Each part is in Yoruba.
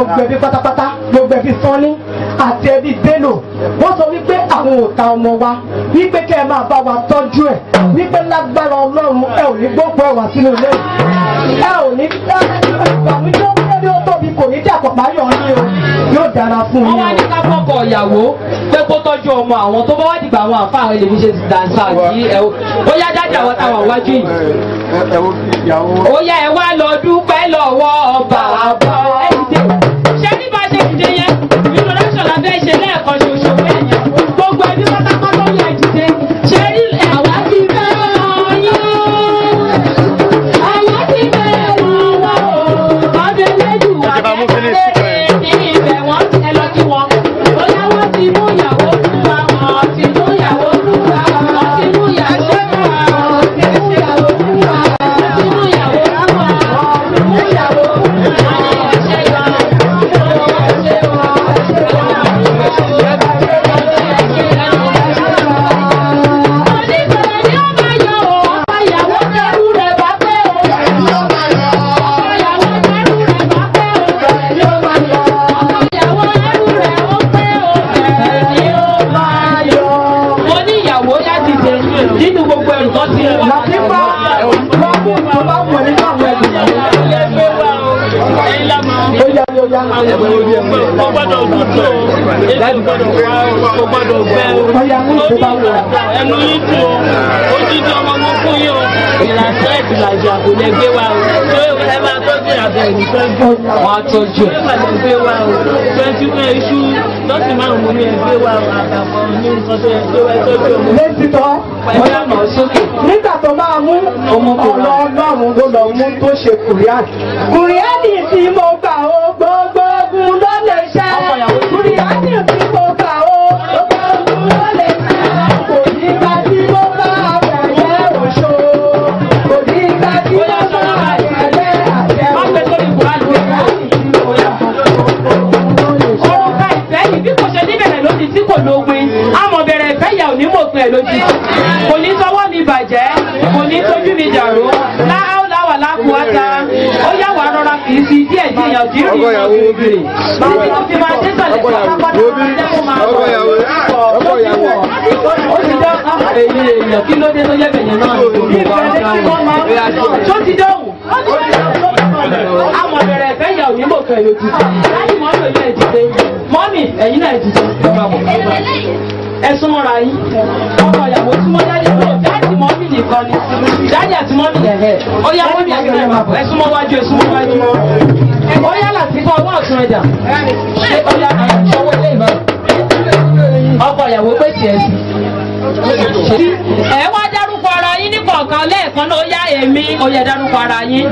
gbogbo ẹbí pátápátá gbogbo ẹbí sanni àti ẹbí délò wọ́n sọ wípé àwọn ò ta ọmọ wa wípé kẹ́ ẹ máa bá wa tọ́jú ẹ̀ wípé lágbára ọlọ́run ẹ ò ní gbógun ẹwà sínú ilé ẹ ò ní ìgbàmí tó kéré ó tóbi kò ní dà pọ̀pá yọ̀ ọ́ ní o yóò dára fún yín o. wọ́n wá ìyàwó pé kó tọ́jú ọmọ àwọn tó bá wá dìgbà àwọn àfa àwọn èlèmí ṣe ti dànsá sí ẹ o bóyá jáde àwọn táwọn wájú yìí. ó yá ẹ wá lọ dúpẹ́ lọ́wọ́ bàbá. Adéyẹ introduction la fẹ́ ṣe lẹ́ẹ̀kan ṣe. gbọ́dọ̀ wá kò gbọ́dọ̀ gbẹ o lórí ìgbà ẹnu yín tu o ojúdi ọmọ ọmọ fún yín o ìlàsẹ́ ìlàjà kò lè gbé wa o tó ẹ máa tọ́jú àbẹ̀ ìtọ́jú wọn àtọ́jú ẹ máa lè gbé wa o twenty one iṣu lọ́sìn máa mú ní ẹgbẹ́ wa o àtàwọn ní nǹkan tó yẹ gbé wa tọ́jú ọmọ. nígbà tó máa mú ọ̀nà ọlọ́run ló lọ mú tó ṣe kùrìán kùrìán ní ìsìn mọ́ rè. ni fi máa yín ọkọ ìyàwó tí mo jáde lọ dáàdì mọ́mì nìkan ni dáàdì àti mọ́mì ẹ̀hẹ́ ó yá mọ́mì ó yálà tí kọ́ ọwọ́ ọ̀tún ẹ̀dà ṣé ó yá ọwọ́ ilé ìbá ọkọ ìyàwó pé tiẹ̀ sí. ẹ wá dárúkọ ara yín ní kọ̀ọ̀kan lẹ́ẹ̀kan náà ó yá èmi ó yẹ dárúkọ ara yín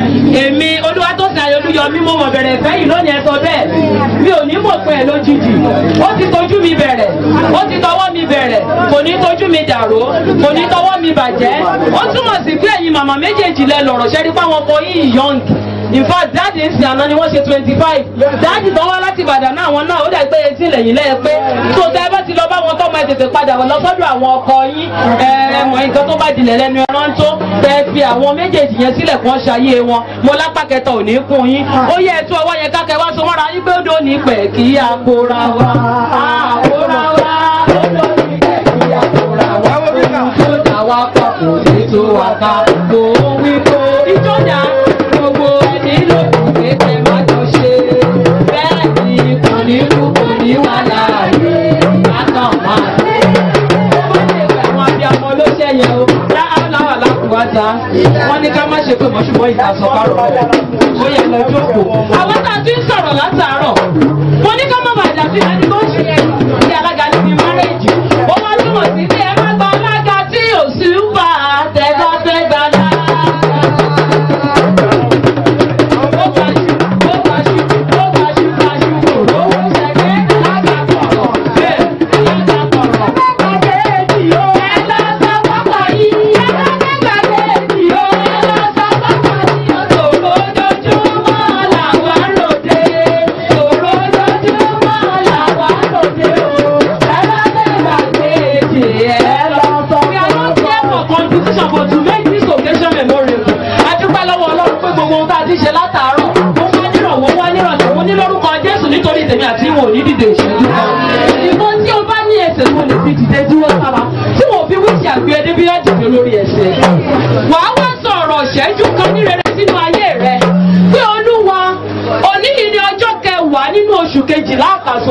èmi olúwa tó sàyẹ olúyọmí mo mọ̀ bẹ̀rẹ̀ fẹ́ yìí lónìí ẹ sọ bẹ́ẹ̀ mi ò ní mọ̀ pé ẹ lójijì ó ti tojú mi bẹ̀rẹ̀ ó ti tọwọ́ mi bẹ̀rẹ̀ kò ní tojú mi dàrú kò ní tọwọ́ mi bàjẹ́ ó túmọ̀ sí pé ẹ̀yin màmá méjèèjì lẹ lọ̀rọ̀ ṣẹ́rí pé àwọn ọkọ yìí yọ̀ǹkì in fact dáàdì ń sin àná ni wọ́n ṣe twenty five dáàdì tó wá láti Ìbàdàn náà àwọn náà ó dẹ̀ pé etí lẹ́yìn lẹ́yìn pé tó tẹ́ ẹ bá ti lọ bá wọn tọ́mọ ẹ tètè padà lọ sọ́dọ̀ àwọn ọkọ yín ẹ mọ̀ nǹkan tó bá dilẹ̀ lẹ́nu ẹran tó tẹ́ fi àwọn méjèèjì yẹn sílẹ̀ kí wọ́n ṣayé wọn mo lápá kẹta ò ní kún yín ah. ó yẹ ẹtú ọwọ́ yẹn kákẹ́ wá so mọ́ra yín pé ó dòní pẹ̀ kí àkóra wa àkóra ah, wa ó dòní pẹ̀ kí kò ní tó wa ká gbó. ìta wọ́n ní ká má ṣe pé mọ́ ṣùgbọ́n ìta sọ bá rọ̀ rẹ̀ ó yẹ lọ jókòó. àwọn tá a ti ń sọ̀rọ̀ látàárọ̀ mo ní ká má bàjẹ́ sí i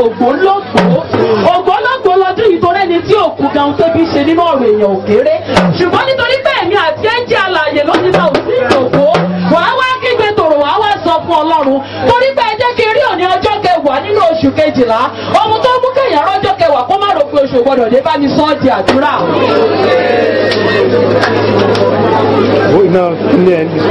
ògbólógbòó ògbólógbòó lọ́dún ìtòrẹ́ ni tí òkú gan tóbi ṣe nínú ọ̀rọ̀ èèyàn òkèrè ṣùgbọ́n nítorí pé èmi àti ẹ̀ jẹ́ alàyè lónìí náà ò sí ìdògbò wàá wá kígbe tòrò wàá wá sọ fún ọlọ́run torí pé ẹ jẹ́ kí rí òní ọjọ́ kẹwàá nínú oṣù kejìlá ohun tó mú kẹ̀yà rọ́jọ́ kẹwàá kó má rògbò oṣù gbọ́dọ̀ dé bá mi sọ ọ́ di àdúrà. oh, now, in the end, it's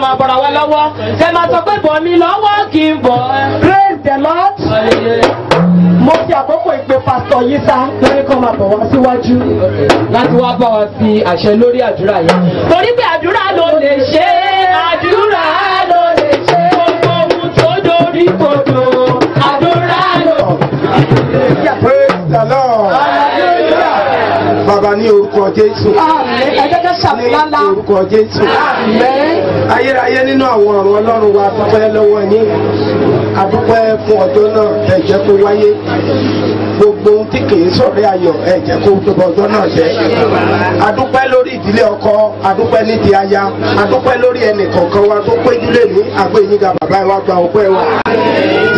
máa bọ̀rọ̀ wa lọ́wọ́ ẹ máa sọ pé bọ̀ mí lọ́wọ́ kì í bọ̀. praise the lord. mo fi àkókò ìpè pásítọ̀ yìí sá lórí kan máa bọ̀ wá síwájú láti wá bá wa fi àṣẹ lórí àdúrà yẹn. torí pé baba ní orúkọ jésù. àmín ẹ̀jẹ̀jẹ̀ ní orúkọ jésù. ayérayé nínú àwọn ọ̀rọ̀ ọlọ́run wa dúpẹ́ lọ́wọ́ yín adúpẹ́ fún ọjọ́ náà ẹ̀jẹ̀ kó wáyé gbogbo ohun tí kì í sọ̀rọ̀ ayọ̀ ẹ̀jẹ̀ kó gbogbo ọjọ́ náà jẹ́ adúpẹ́ ilé ọkọ adúpẹ́ ní ti aya adúpẹ́ lórí ẹnì kọ̀ọ̀kan wa tó péjú ní àgbẹ̀ bàbá wa gba ọpẹ́ wa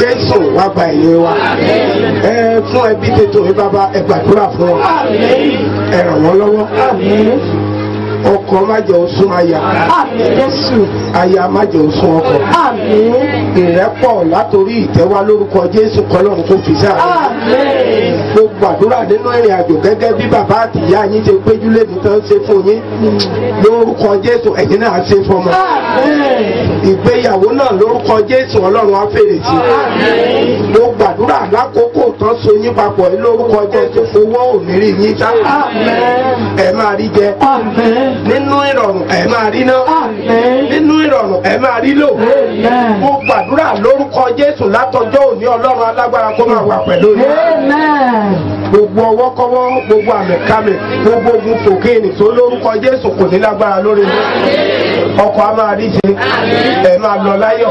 jésù wa gba ẹ̀yìn wa ẹ fún ẹbí tètò mi bàbá ẹ fún ọ ẹ ràn wọ́n lọ́wọ́ ọkọ má jẹ́ ó sún aya àmín Jésù aya má jẹ́ ó sún ọkọ àmín ìrẹ́pọ̀ látòrí ìtẹ́wá lórúkọ Jésù kọlọ́run kò fi sáà àmín mo gbàdúrà nínú ìrìn àjò gẹ́gẹ́ bí bàbá àtìyá yín ṣe péjúlé mi tán ṣe fún yín lórúkọ Jésù ẹ̀yin náà ṣe fọmọ àmín ìgbéyàwó náà lórúkọ Jésù Ọlọ́run á fèrè sí i mo gbàdúrà lákòókò tán so yín papọ̀ yìí lórúkọ jésù fowó òmìnirí yín já ẹ máa rí jẹ nínú ìrọ̀rùn ẹ máa rí ná nínú ìrọ̀rùn ẹ máa rí lò mo gbàdúrà lórúkọ jésù látọjọ́ òní ọlọ́run alágbára kó máa wà pẹ̀lú yín gbogbo ọwọ́kọ́wọ́ gbogbo àmẹ̀kámẹ̀ gbogbo ogun kòkéènì tó lórúkọ jésù kò ní lágbára lórí mi ọkọ̀ a máa rí ṣe ẹ máa lọ láyọ̀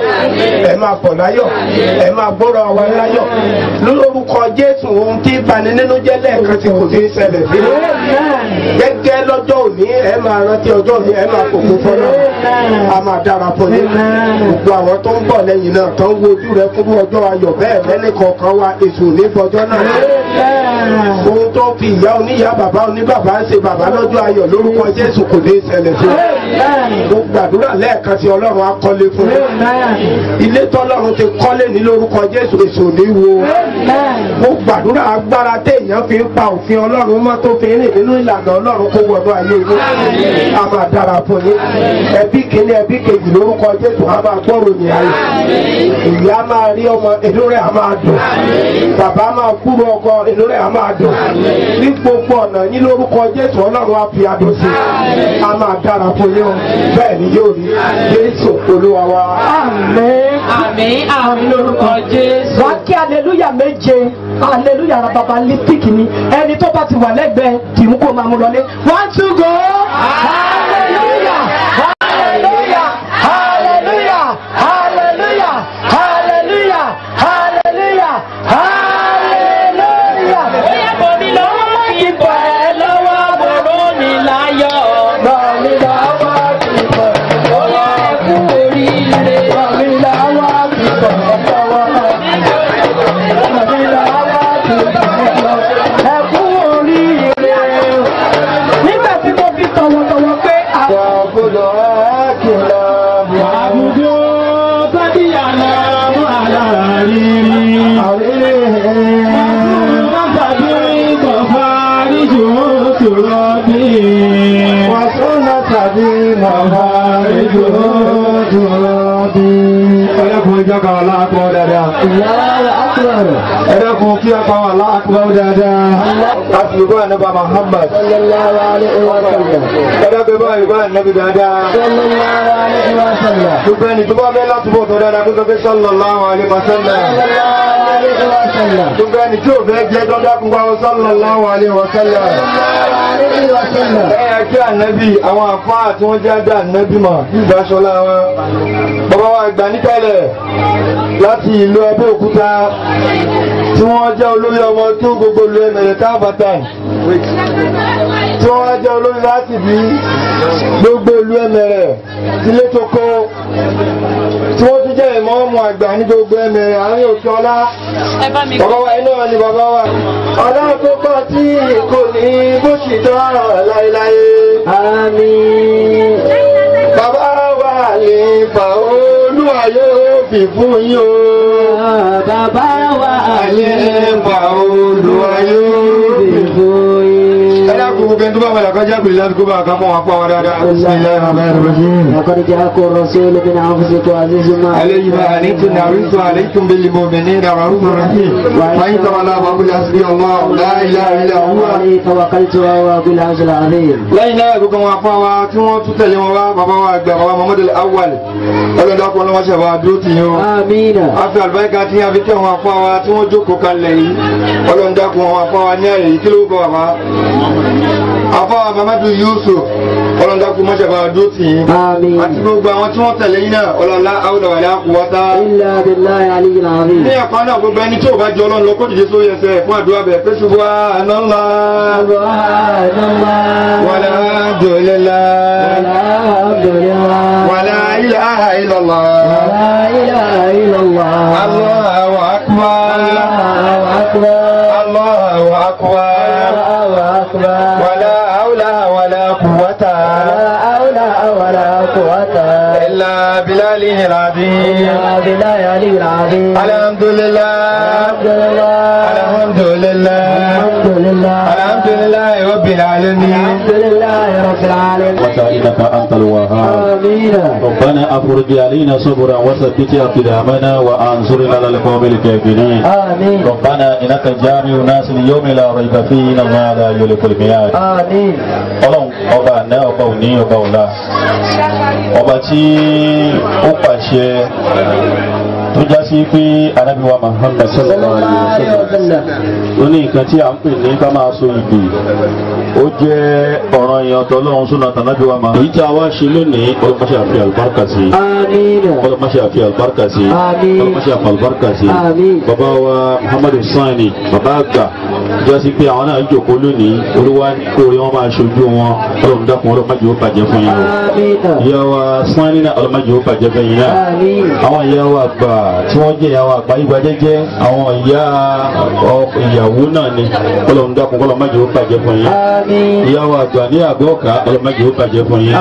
ẹ máa bọ̀ láyọ̀ ẹ máa gbọ́rọ̀ wa láyọ̀ lọ́jọ́ lórúkọ Jésù ohun tí bani nínú jẹ́ lẹ́ẹ̀kan tí kò ní ṣẹlẹ̀ sí i gẹ́gẹ́ lọ́jọ́ òní ẹ máa rántí ọjọ́ òní ẹ máa kókó fọ́nà a máa darapọ̀ ní gbogbo àwọn tó ń bọ̀ lẹ́yìn náà tó ń wojú rẹ fún ọjọ́ ayọ̀ bẹ́ẹ̀ lẹ́nì kọ̀ọ̀kan wa èso ní fọjọ́ náà ohun tó fi ìyá oníyá bàbá oníbàbá ń ṣe bàbá lọ́jọ́ ayọ̀ lórúkọ Jésù kò ní ṣẹlẹ̀ sí i mo gbàdúrà lẹ́ẹ̀kan sí Ọlọ́run akọ́lé fún mi ilé tọ́lọ́run ti kọ́lé ní lórúkọ Jésù èso ní wíwo. mo gbàdúrà agbára téèyàn fi ń pa òfin ọlọ́run mọ́ tó fi rìn nínú ìlànà ọlọ́run kó wọnú ayé yín. a máa dára fún yín. ẹbí kìíní ẹbí kejì lórúkọ jésù a máa gbọ́rò ní ayé. ìyá máa rí ọmọ inú rẹ̀ a máa dùn. bàbá máa kúrò ọkọ inú rẹ̀ a máa dùn. ní gbogbo ọ̀nà yín lórúkọ jésù ọlọ́run á fi adùn sí a máa dára fún yín bẹ́ẹ̀ ni yóò rí jésù olúwa wa. àmín àmín àmín lórúkọ jésù. wàá kí aleluya méje aleluya rababalítìkì ni ẹni tó bá ti wà lẹ́gbẹ̀ẹ́ kì í máa mú lọlé one two go. ترابي وسنة بي موارد ní kíákà wà láàkọ́ dáadáa. ẹ dẹ́kun kíákà wà láàkọ́ dáadáa. àti ìbá ànábà Muhammad. ẹ dẹ́kun ìbá ìbá ànábì dáadáa. gbogbo ẹni tó bá fẹ́ láti bọ̀ tó dáadáa kó tó fẹ́ sallallahu alaihi wasallam. gbogbo ẹni tó fẹ́ jẹ́ dọ́dákun bá wọn sallallahu alaihi wasallam. ẹ yà kí ànábì àwọn àfáà tí wọ́n jẹ́ àdá ànábì mọ̀ nígbà sọ́lá wọn bàbá wa gbà níkàlẹ̀ láti ìlú Abẹ́òkúta tí wọ́n jẹ́ olórí ọmọ tó gbogbo lu ẹ̀mẹ̀rẹ̀ káàbàtà tí wọ́n jẹ́ olórí láti bí gbogbo lu ẹ̀mẹ̀rẹ̀ tilé tó kọ́ tí wọ́n tún jẹ́ ìmọ̀ọ́mù àgbà ní gbogbo ẹ̀mẹ̀rẹ̀ àárín òkè ọlá bàbá wa iná ni bàbá wa. ọ̀la tó kọ́ tí kò ní bó ṣì tán láéláé. bàbá wa lè fà ó wa yóò fi fún yín o. bàbá wa yẹn pa olùwà yóò. خطبة ولا قد جاءكم لله كبا كما وقع وراء بسم الله الرحمن الرحيم وقد جاءكم الرسول من أنفسكم عزيز ما عليه ما عنيتم حريص عليكم بالمؤمنين رؤوف رحيم فإن تولى فقل حسبي الله لا إله إلا هو عليه توكلت وهو بالعز العظيم لا إله إلا هو وقع واتوا تتلم بابا وأكبر محمد الأول ọlọ́dọ̀ dọ́kun ọlọ́wọ́ ṣe wá dúró tì yín o. amiina. afi àlùbáríkà tí a fi tẹ̀ wọn afọ wa tí wọ́n jókòó kalẹ̀ yìí ọlọ́dọ̀ dọ́kun wọn afọ wa ní àyè yìí kí àfáà mamadu yusuf ọlọ́nda kú mọ́ṣẹ́ bá dó tì yín àti gbogbo àwọn tí wọ́n tẹ̀lé yín náà ọlọ́nda awúdàwà ní àkúwọ́tá. ilẹ̀ abilá aliyu nàbí. ní ẹ̀kọ́ náà gbogbo ẹni tí ò bá jọ ọlọ́run lọ kó dìde sórí ẹsẹ̀ fún àdúrà bẹ̀ pé ṣubú ànánlá. wàlá dòlélá. wàlá ilaha illallah. wàlá ilaha illallah. Allahu akbar. Allahu akbar. Allahu akbar. Allahu akbar. قوة إلا بلاله العظيم إلا بلاله العظيم الحمد لله الحمد لله الحمد لله الحمد لله رب العالمين الحمد لله لله رب العالمين وكأنك أنت الوهاب آمين ربنا أفرج علينا صبرا وثبت أقدامنا وأنصرنا على القوم الكافرين آمين ربنا إنك جامع الناس ليوم لا ريب فيه إن الله لا يخلف الميعاد آمين Ọlọ́run ọba àná ọba òní ọba ọ̀la ọba tí ó pàṣẹ tó já sí pé arábíwá Muhammad sallallahu alaihi wasallam ó ní nǹkan tí à ń pè ní ká máa so ìgbì ó jẹ́ ọ̀ràn èèyàn tó lọ́run súnà tànábíwá ma. èyí tí a wá ṣe lónìí ọlọ́mọṣẹ́ àfi àlùbáríkà sí i ọlọ́mọṣẹ́ àfi àlùbáríkà sí i ọlọ́mọṣẹ́ àfi àlùbáríkà sí i bàbá wa Muhammad Sani bàbá àgbà já sí pé àwọn náà jòkó lónìí olúwa ní kó wọn máa ṣojú wọn ọlọ́run dákun ọlọ́mọdé ó bàjẹ́ fún yín o ìyá Sani náà ọlọ́mọdé ó bàjẹ́ fún yín náà àwọn ìyá gbà tí wọ́n jẹ́ ìyàwó àgbáyégbá jẹ́jẹ́ àwọn ìyá ìyàwó náà ni kọlọ́run dákun kọlọ́run májèwó bàjẹ́ fún yín ìyàwó àgbà ní àgọ́ ọ̀ka kọlọ́run májèwó bàjẹ́ fún yín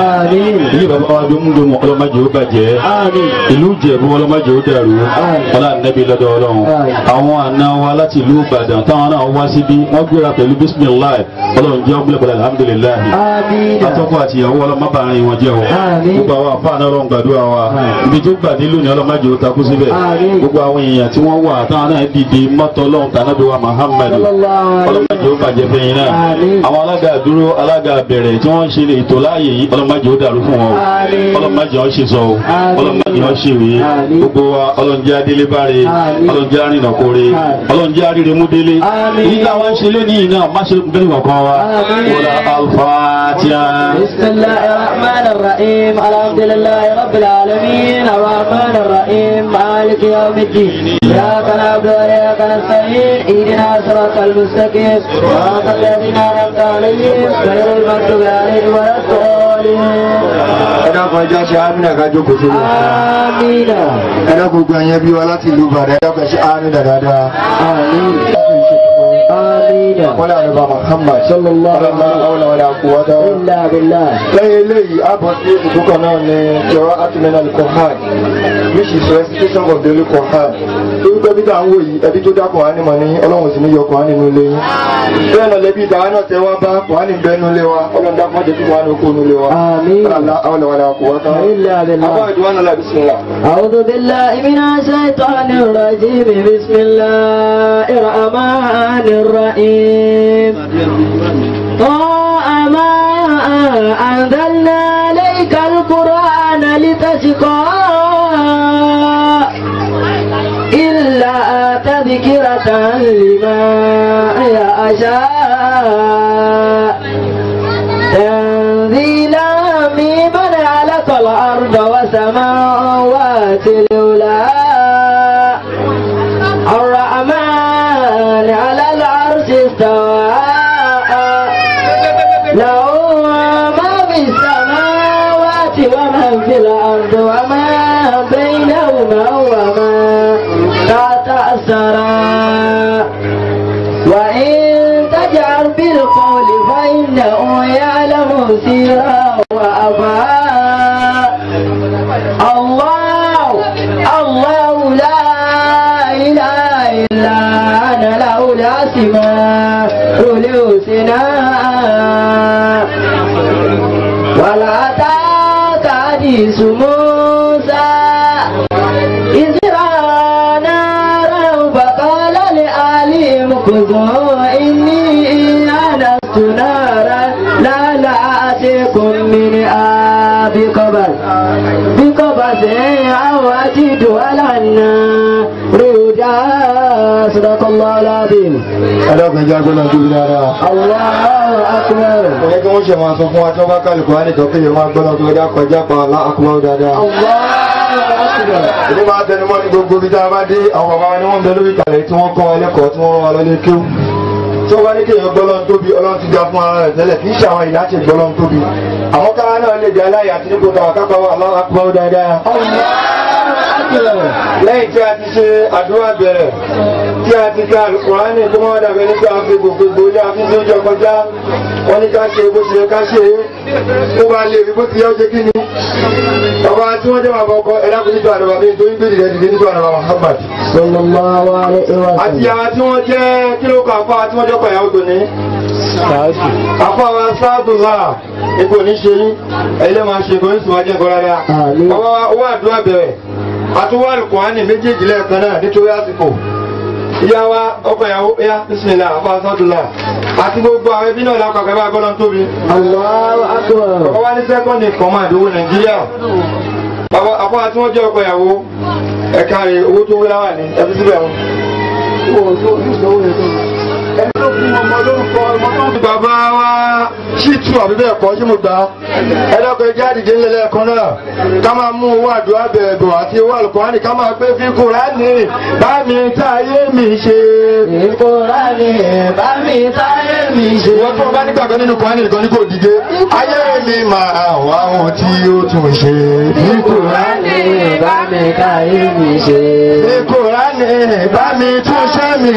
ilé bàbá wa dún mú domo kọlọ́run májèwó bàjẹ́ ìlú Ìjẹ̀bú kọlọ́run májèwó dàrú ọlá nẹ́bí lọ́dọ̀ Ọlọ́run àwọn àna wa láti ìlú Ìbàdàn táwọn náà wá síbí tẹ́lẹ̀ gbogbo àwọn èèyàn tí wọ́n wà táwọn náà dìde mọ́tò ọlọ́run tànàbí wa Muhammad ọlọ́mọdé ó bàjẹ́ fẹ́yìn náà àwọn alága dúró alága bẹ̀rẹ̀ tí wọ́n ṣe ètò láàyè yìí ọlọ́mọdé ó dàrú fún wọn ọlọ́mọdé ó ṣe sọ ọlọ́mọdé ó ṣe wèé gbogbo wa ọlọ́njẹ́ adélébáre ọlọ́njẹ́ arìnàkóre ọlọ́njẹ́ arìrèmúdélé èyí táwọn alfatiha. bismillahir rahmanir rahim يوم الدين صراط العبد وإياك نستعين اهدنا صراط المستقيم صراط الذين أنعمت عليهم غير المغضوب عليهم ولا الضالين dákun ẹjọ́ ṣe amínà kájọ kò sílẹ̀. amínà. ẹ dákun gbogbo ẹ̀yẹ bí wa láti ìlú Ìbàdàn ẹ dákun ṣe amínà dáadáa. amínà. wọ́n lànà bá Muhammad. sallallahu alaihi wa sallam wala quwwata. illa billah. lẹ́yìn eléyìí abọ́ sí ìdúkọ̀ náà ní jọ̀rọ̀ àtúnmẹ́nà Al-Qur'an which is recitation of the Qur'an orúkọ bí táwọn wò yìí ẹbí tó dá kọ̀ọ̀hánì mọ̀ ní ọlọ́run sì ní yọ kọ̀ọ̀hánì nínú ilé yín. bẹ́ẹ̀ náà lẹ́bí ìdáhánà tẹ wá bá kọ̀ọ̀hánì bẹ́ẹ̀ nínú wa ọlọ́run dákọ̀ jẹ́ kí wọ́n á ní okó nínú wa. قوة إلا بالله بسم الله أعوذ بالله من الشيطان الرجيم بسم الله الرحمن الرحيم طاعة ما أنزلنا عليك القرآن لتشقى إلا تذكرة لما يشاء الأرض وسماوات الأولى Fátima Olhou o sinal Fala a data ẹjọ́ agbọ́nà gbogbo dáadáa. àwọn àwọn ṣe máa sọ fún wa tí wọ́n bá kálukú wá nìkan kéèyàn máa gbọ́nà gbogbo dáa kọjá pa aláàkúmọ̀rẹ̀ dáadáa. ìdí máa tẹnumọ́ ní gbogbo bí tá a bá dé àwọn bàbá wa ni wọ́n bẹ lórí ìkàlẹ̀ tí wọ́n kọ́ wa tí wọ́n rán wa lọ lé kéwù tí wọ́n bá ní kéèyàn gbọ́lọ́n tóbi ọlọ́run ti ga fún ara rẹ̀ tẹ́lẹ̀ kì í ṣàwọn akbar tí a ti ka alukurani tó máa dàbẹ̀ nígbà fi gbogbogbò ní àfi tí ó jọ kọjá wọn ní ká ṣe bó ṣe ká ṣe é ó bá lè rí bó ti yọ ṣe kí ni. ọba tí wọ́n jẹ́ bàbá ọkọ ẹ̀dá kò ní tó àdàbà bíi torí gbèdìdẹ dìde ní tó àdàbà Muhammad. sallallahu alaihi wa sallam. àti àwọn tí wọ́n jẹ́ kílókò àpá tí wọ́n jọ kọ tó ní. àpá wa sáàdù lá ipò ní ṣe yín ẹ̀yin lè máa ṣe kò ní sùn wájú ìyá wa ọkọ ìyàwó ẹ̀yà bisimilá àfa sọ́tùlá àti gbogbo àwọn ẹbí náà lápá kẹfà gbọ́dọ̀ tóbi. ọkọ wa ní sẹ́kọ̀ndì kọ́máàdì owó nàìjíríà bàbá àpá tí wọ́n jẹ́ ọkọ ìyàwó ẹ̀ka rẹ̀ owó tó wúlá wà ní ẹbí síbẹ̀ wọn ọmọ lórúkọ ọmọ tó ń bàbá wa ṣìtú àbí bẹ́ẹ̀ kọ́ sí mo gbà á ẹlẹ́kọ̀ọ́ ẹjẹ́ àdìdé ńlẹ̀ kan náà ká máa mú owó àdúrà bẹ̀rẹ̀ bọ̀ àti owó àlùkùránì ká máa gbé fi kùránì bá mi tá ayé mi ṣe. kùránì bá mi tá ayé mi ṣe. ìwọ tó o bá nígbàgbọ́ nínú kùránì nìkan ní kò dìde ayé mi máa wá ohun tí ó tún ṣe. kùránì bá mi tá ayé mi ṣe. kùránì bá mi túnṣe mi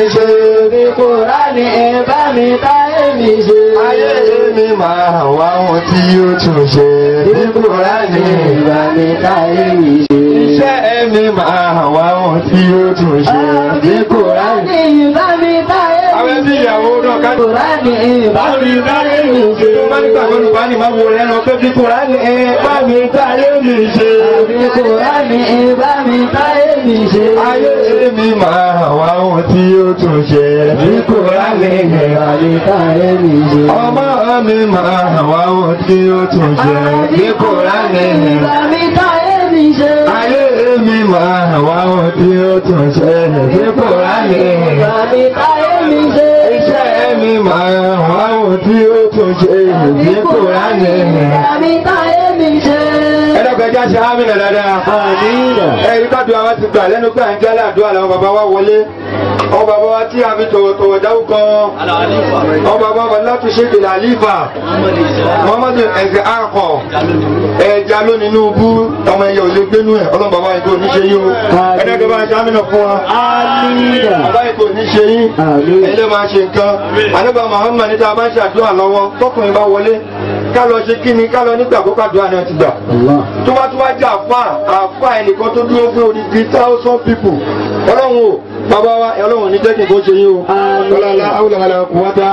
bàbá mi táyé mi ṣe. ayé mi máa hàn wá ohun tí yóò tún ṣe. bíbúra ni ìgbà mi táyé mi ṣe. iṣẹ́ mi máa wá ohun tí yóò tún ṣe. bíbúra ni ìgbà mi ìyàwó náà ká. kùránì ẹ̀ bá mi kárí mi ṣe. tó bá nígbà tó nípa ni máa wo rẹ̀ lọ pé bí kùránì ẹ̀ bá mi kárí mi ṣe. àbí kùránì ẹ̀ bá mi kárí mi ṣe. ayé ṣe mi máa wá ohun tí ó tún ṣe. bí kùránì bá mi kárí mi ṣe. ọmọ mi máa wá ohun tí ó tún ṣe. bí kùránì bá mi kárí mi ṣe. ayé mi máa wá ohun tí ó tún ṣe. bí kùránì bá mi kárí mi ṣe ní màá àwọn tí ó tún ṣe ìdí Kùránì. àmì táyé mi ṣe. ẹlẹ́gbẹ̀já ṣe ámì nà dáadáa. àmì nà. ẹ̀rí ká dùn àwọn ti gbà lẹ́nu pé à ń jẹ́ àdúrà làwọn bàbá wa wọlé àwọn bàbá wa tí a fi tọ̀wọ̀tọ̀wọ̀ dárúkọ wọn àwọn bàbá wa láti ṣe ìdèlè àlífà muhammadu ẹ̀sẹ̀ àkọ́ ẹ̀já ló nínú bú ọmọ ẹ̀yẹ ò lè ẹ̀ ọlọ́run bàbá yìí ní ṣe yín o ẹ̀dẹ́gbẹ́ bá ṣe àmìnà fún wa bàbá yìí ní ṣe yín ẹ̀dẹ́ máa ṣe nǹkan àdébà muhammad níta bá ń ṣàdúrà lọ́wọ́ tọkùnrin bá wọlé ká ṣe kíni ká lọ nígbà kó kàdúrà náà ti gbà. tó bá tó wá jẹ àfa àfa ẹnìkan tó dúró fún odidi thousand people ọlọ́run o bàbá wa ọlọ́run ní jẹ́kìn kó ṣe yín o. kọ́lá awúlọ̀kọ̀lá kùwátá.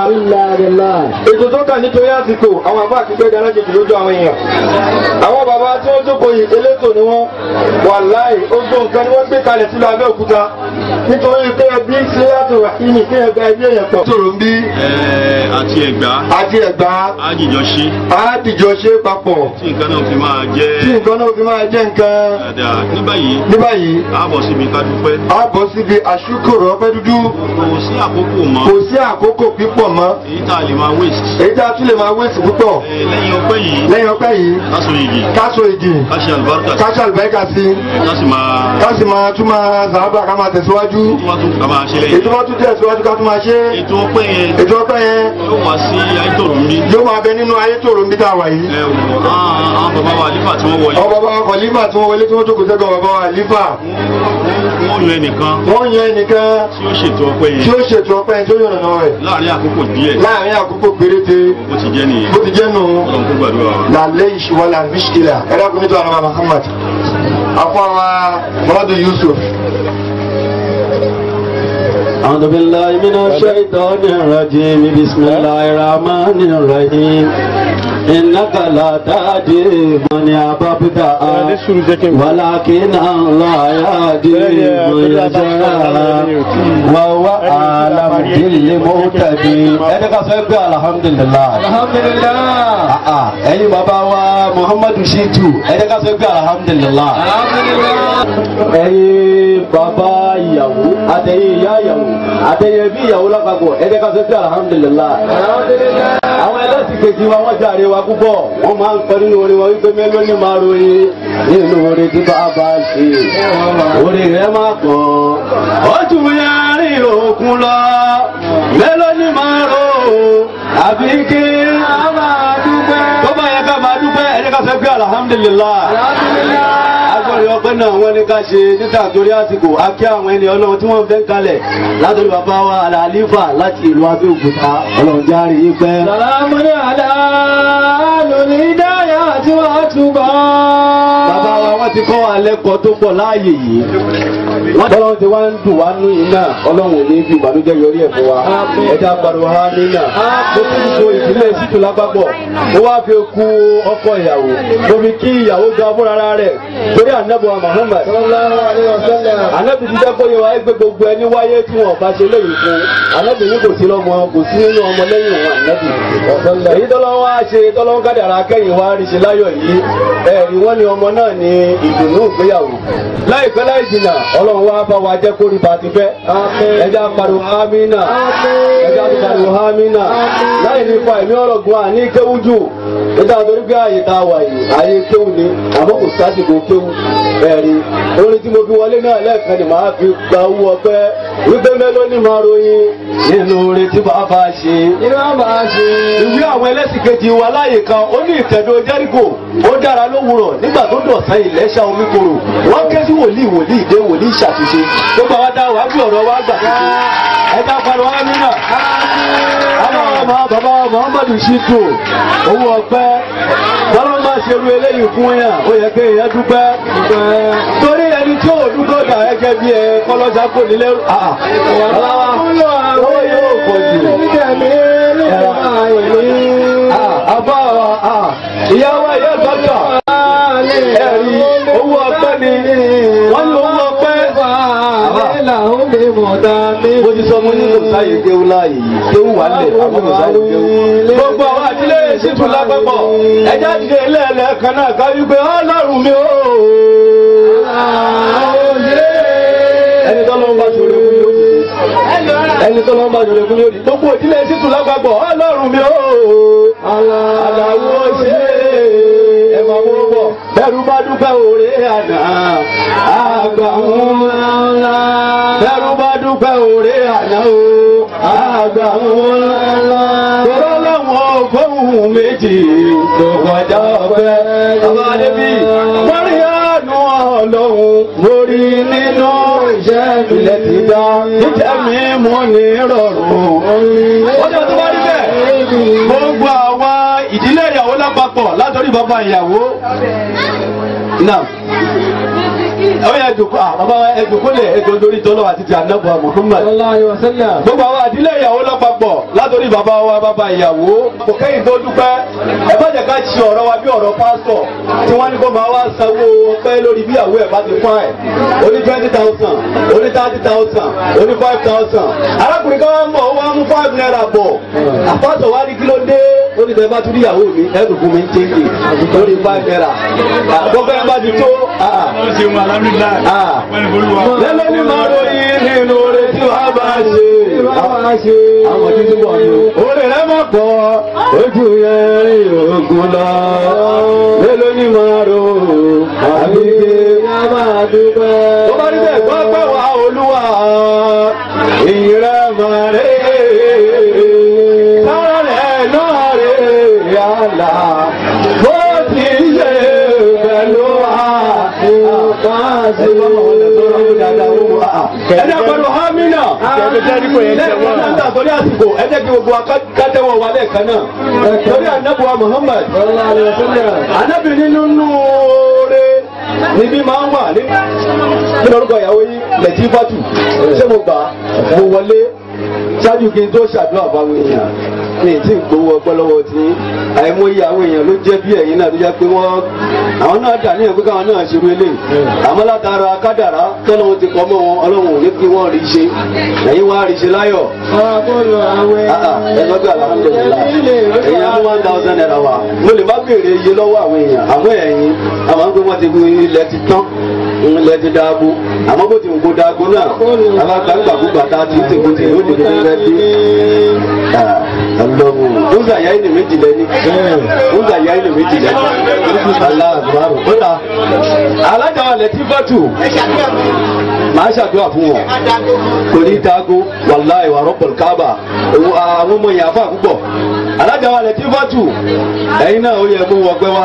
ètò tó kà nítorí àsìkò àwọn àbá àti gbẹ́gà alájèjì lójú àwọn èèyàn. àwọn bàbá tí wọ́n jókòó yìí elétò ni wọ́n wà láì ojú nǹkan ni wọ́n gbé kalẹ̀ sílẹ̀ Abẹ́òkúta nítorí pé ẹbí ṣe yàtọ̀ ìní kí ẹgbẹ́ ẹbí èèyàn pọ̀. sọ̀rọ̀ ń bí. àti ẹ̀gbá. àti ẹ̀gbá. á dìjọ ṣe. á dìjọ ṣe papọ̀. tí nǹkan náà fi máa ṣúkòrò ọpẹ́ dúdú. kò sí àkókò mọ́. kò sí àkókò pípọ̀ mọ́. èyí tá a lè máa wéṣì. èyí tá a tún lè máa wéṣì púpọ̀. lẹ́yìn ọpẹ́ yìí. lẹ́yìn ọpẹ́ yìí. káṣọ igi. káṣọ igi. káṣọ àlùbáríkà. káṣọ àlùbáríkà sí. káṣí máa. káṣí máa tún máa sàábà ká máa tẹ̀síwájú. ètò ká máa ṣe. ètò ọpẹ́ yẹn. ètò ọpẹ́ máa bẹ nínú ẹnìkan tí ó ṣètò ọpẹ́ yẹn tí ó ṣètò ọpẹ́ yẹn tó yàn nà rẹ̀ láàrin àkókò díẹ̀ láàrin àkókò péréte bó ti jẹ́ nìyẹn bó ti jẹ́ nù làlẹ́ ìṣùwọ́lá bíṣkìlà ẹ̀rọ kò ní tó àrùn Muhammad afọwọ́ mọ́ládù Yusuf. أعوذ بالله من الشيطان الرجيم بسم الله الرحمن الرحيم إنك لا تهدي من أحببت ولكن الله يهدي من يشاء وهو أعلم بالمهتدين ẹni ká sọ pé alhamdulilayi. alhamdulilayi. aa ẹyin bàbá wa muhammadu shitu ẹni ká sọ pé alhamdulilayi. alhamdulilayi. ẹyin bàbá ìyàwó àtẹ̀yìn ìyá ìyàwó àtẹ̀yìn ẹbí ìyàwó lápapọ̀ ẹni ká sọ pé alhamdulilayi. alhamdulilayi. àwọn ẹlẹ́sìn kejì wa wọ́n jàre wa púpọ̀ wọ́n máa ń pẹ́ nínú orin wọn wípé mélòó ni máa ròyìn nínú orin tí bàbá ṣe orin rẹ̀ máa pọ̀ ó jù yẹrin òkun lọ mélòó ni máa rò àbí kí a máa dúpẹ́. tó bá yẹ ká máa dúpẹ́ ẹ jẹ́ ká fẹ́ gbé alhamdulilayi. alhamdulilayi látàrí ọpẹ́ náà wọ́n ní ká ṣe títà torí àsìkò a àwọn ẹni ọlọ́run tí wọ́n fẹ́ ń kalẹ̀ látọ̀rí bàbá wa àlàáfíà láti ìlú abẹ́òkúta ọlọ́run járe yín pẹ́. sàlámù ní àlá lórí dáyà tí wọ́n á túbọ̀. bàbá wa wọ́n ti kọ́ wa lẹ́kọ̀ọ́ tó pọ̀ láàyè yìí. ọlọ́run ti wá ń dùn wá nú iná ọlọ́run ní fi ìbànújẹ́ yọrí ẹ̀ fún wa. ẹja gbàdúrà ha nínà anabi wa Muhammad. sallallahu alayhi wa sallam. anabi ti dẹ́kọ̀ yẹn wáyé pé gbogbo ẹni wáyé tí wọn bá ṣe lẹ́yìn fún anabi yìí kò sí lọ́mọ kò sí nínú ọmọ lẹ́yìn wọn anabi. èyí tọ́lọ́ wá ṣe tọ́lọ́ ń kádàrá kẹ́yìn wá rí ṣe láyọ̀ yìí ẹ̀rí wọ́n ní ọmọ náà ní ìdùnnú ìgbéyàwó. láìpẹ́ láì jìnnà ọlọ́run wá bá wa jẹ́ kórìí bá ti fẹ́. ẹja pariwo amina. ẹja pariwo amina. láì ní fa ẹ̀mí ọ̀rọ̀ gun àní kéwú jù. nígbà tó rí pé àyè tá a wà yìí àyè kéwú ni àmọ́ kò sásìkò kéwú ẹ̀rí orin tí mo fi wọlé náà lẹ́ẹ̀kan ni màá fi gba owó ọpẹ́ wípé mélòó ni màá ròyìn nínú orin tí bàbá ṣe. nínú bàbá ṣe. ìwé àwọn ẹlẹ́sìn kejì wa láàyè kan ó ní ìtẹ̀dó jẹ́ríkò ó dára lówùrọ̀ nígbà tó dọ̀sán ìlẹ́ṣà omi koro wọ́n ké sí wòlíì wòlíì dé wòlíì ṣàtúnṣe tó gbà wá dá wàá gbé ọ̀rọ̀ wá gbà tuntun ẹ̀dá pariwo wá mí náà. àmọ́ bàbá Muhammadu Shitu owó ọpẹ́ bọ́lá máa ṣe ru eléyìí fún yàn ó yẹ kí èèyàn dúpẹ́. torí ẹni tí ò dúpẹ́ ẹgẹ́ bí ẹ kọ́lọ́sà kò nílé ọ̀làwà ah, ah. owó ah, dọ́kítà ẹ̀rí owó ọpẹ́ ni wọ́n ní owó ọpẹ́ mọ̀dá mi. mo ti sọ mo ní kò sáyé kéwú láàyè yìí wà lẹ̀ àmọ́ kò sáyé kéwú. gbogbo àwọn àtìlẹ́ ṣètò lápapọ̀ ẹ̀já dìde ilé ẹ̀lẹ́ kan náà ká wípé ọlọ́run mi ó. ẹni tọ́lọ́ ń bá ṣòro fún yóò dìde ẹni tọ́lọ́ ń bá ṣòro fún yóò dìde gbogbo òdílé ṣètò lápapọ̀ ọlọ́run mi ó. aláwo ṣe ẹ̀ máa wọ́ bẹ́ẹ̀ ló bá dúpẹ́ òré àná àgbà wọn gba òré àná o àgbà wọn ńlá tọ́lá làwọn ọgọ́rùn-ún méjì ló kọjá ọ̀fẹ́. bàbá adébí wárí àánú ọlọ́run mórí nínú iṣẹ́ ìpìlẹ̀ ti dá níjẹ́ mi mú ní rọrùn. ọjọ́ tó bá rí bẹ́ẹ̀ gbogbo àwa ìdílé ìyàwó lápapọ̀ látọ̀rí bàbá ìyàwó ó yẹ ẹ̀dùnkú à ẹ̀dùnkú lè ètò lórí tọ́lọ́ àti ti ànábọ̀ Muhammad. gbogbo àwọn àdílé ìyàwó lápapọ̀ látòrí bàbá wa bàbá ìyàwó kò kẹ́yìn tó dúpẹ́ ẹ bá jẹ́ ká ṣe ọ̀rọ̀ wa bí ọ̀rọ̀ pásítọ̀ tí wọ́n ní kó máa wá sanwó pẹ́ lórí bí ìyàwó ẹ̀ bá ti fún ẹ̀ oní twenty thousand oní thirty thousand oní five thousand arákùnrin kan wá ó wá mú five naira bọ̀ hmm. àpáṣọ wá ní kí ló dé ó ní bẹ́ẹ̀ bá tún níyàwó mi ẹ̀rù fún mi ń tẹ́ ẹ̀ àgùntàn ó ní five naira àkọ́kọ́ bá ti tó. Ah. Ah. lẹ́lẹ́ ní máa ròyìn nínú oore tí wàá bá ṣe àwọn ọdún tó wà ní. oore rẹ máa pọ̀ ojú yẹn rìn ògùn lọ lẹ́lẹ́ ní máa rò àbíké máa dúpẹ́. ẹ̀dá pẹ̀lú hamina lẹ́ẹ̀kan náà torí àsìkò ẹ̀jẹ̀ kí gbogbo akátẹ́wọ̀ wa lẹ́ẹ̀kan náà torí anabuwa Muhammad anabi nínú nùúrẹ́ níbí máa ń wà ní lórúkọ ìyàwó yìí lẹ́tífàtù ṣé mo gbà mo wọlé ṣáájú kí n tó ṣàdúrà báwo èèyàn ní tí ń gbowó ọgbọ́n lọ́wọ́ tí àìmọye àwọn èèyàn ló jẹ́ bí ẹ̀yin náà tó jẹ́ pé wọ́n àwọn náà dà níyàn pé káwọn náà ṣerú eléyìí àmọ́ látara kádàrá tọ́lọ́hún ti kọ́ mọ́ wọn ọlọ́run ò ní kí wọ́n rí ṣe ẹ̀yin wá rí ṣe láyọ̀. ẹgbẹ́ ah, ah, alhamdulilayi ẹ̀yin á mú one thousand naira wa mo lè má béèrè iye lọ́wọ́ àwọn èèyàn àmọ́ ẹ̀yin àwọn àgbẹ̀ wọn ti ilẹ̀ ti tán ńlẹ ti dáàbò àmọ́ bó ti ń kó dáàbò náà alágbàgbà gbogbo àtà ti ń tèkó ti yóò dèdè fẹ́ dé. Alọ́wọ́ Bùsà yá ilé méjì lẹ́ni. Bùsà yá ilé méjì lẹ́ni. Aláàbò àrò. Alájà wa lẹ ti bá tù màá ṣàdúrà fún wọn kò ní dago wàláì wà rọ́pọ̀lù káàbà àwọn ọmọ yẹn àfa púpọ̀ alága wa tí bá tù ẹyin náà ó yẹ kó wọgbẹ wa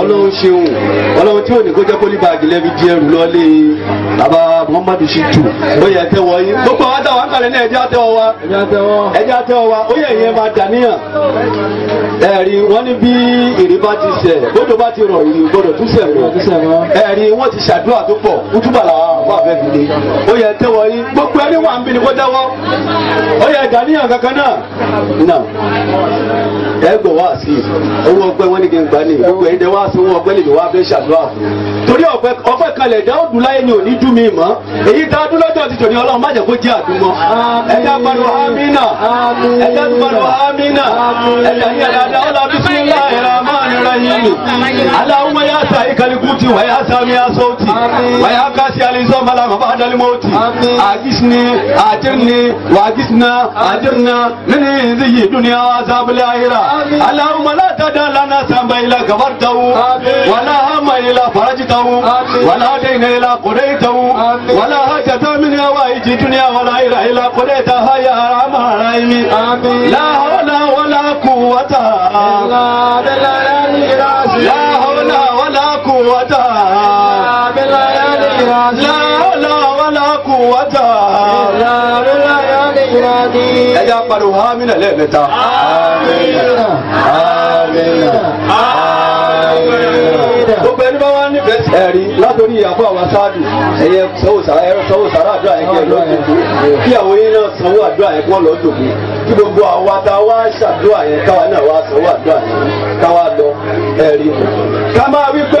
ọlọ́run ṣeun ọlọ́run tí ò ní kó jẹ́ pólí báàgì lẹ́bi di ẹrù lọ́lé bàbá muhammadu shitu ó yẹ tẹ́wọ́ yín gbogbo àwọn àtàwọn àkàlẹ̀ náà ẹjẹ́ àtẹ́wọ́ wa ẹjẹ́ àtẹ́wọ́ wa ó yẹ ìyẹn máa dàníyàn ẹ̀rí wọ́n ní bí ìrì bá ti sẹ̀ gbọ́dọ̀ bá ti rọ̀ ìrì gbọ́dọ̀ tún sẹ̀ mọ́ ẹ̀rí wọ́n ti ṣàdúrà tó pọ̀ kútúbà làwọn àbọ̀ àfẹ́ fi ó yẹ tẹ́wọ́ yín gbogbo ẹni wà ń bí ni kó tẹ́wọ́ ó yẹ dàníyàn kankan náà ẹ gbọ́ wá owó ọpẹ́ wọn ni kí n gbà ní gbogbo ẹ̀yin tẹ wá owó ọpẹ́ lèmi wá fẹ́ ṣàdúrà torí ọpẹ́ ọpẹ́ kan lẹ̀ láyé ni ò dùn mí mọ́ èyí tá a dún lọ́jọ́ ti tòní ọlọ́run má jẹ́ kó jẹ́ àdúmọ́ ẹ̀dá pariwo amínà ẹ̀dá pariwo amínà ẹ̀dá ní ẹ̀dá ọ̀là bisimilahi rahman rahim aláwọ̀ yà sá ikalikuti wà yà sá mi asọ́ọ̀tì wà yà kásí alizọ́ malama bá dalimọ́ọ̀tì àgísìnì àjẹrìnì wà àgísìnà àjẹrìnà nínú ìdíyì dúnìá azabulayi rà. اللهم لا تدع لنا ذنبا الا غفرته ولا هما الا فرجته ولا دين الا قضيته ولا حاجة من هوائج الدنيا ولا اله الا قضيتها يا ارحم الراحمين لا حول ولا قوة الا بالله لا حول ولا قوة الا بالله sirati. ẹ já pariwo amina lẹ́ẹ̀mẹ́ta. amina gbogbo ẹni bá wà nífẹ̀ẹ́ sí ẹ̀rí látòrí ìyàbọ̀ àwọn aṣáájú ẹ̀yẹ sanwó sàrà àdúrà yẹn kí ẹ lọ́ọ́ dòkú kí àwọn yín náà sanwó àdúrà yẹn kí wọ́n lọ́ọ́ dòkú kí gbogbo àwa tá wá ṣàdúrà yẹn káwa náà wá sanwó àdúrà yẹn káwa lọ ẹ̀rí. ká máa wí pé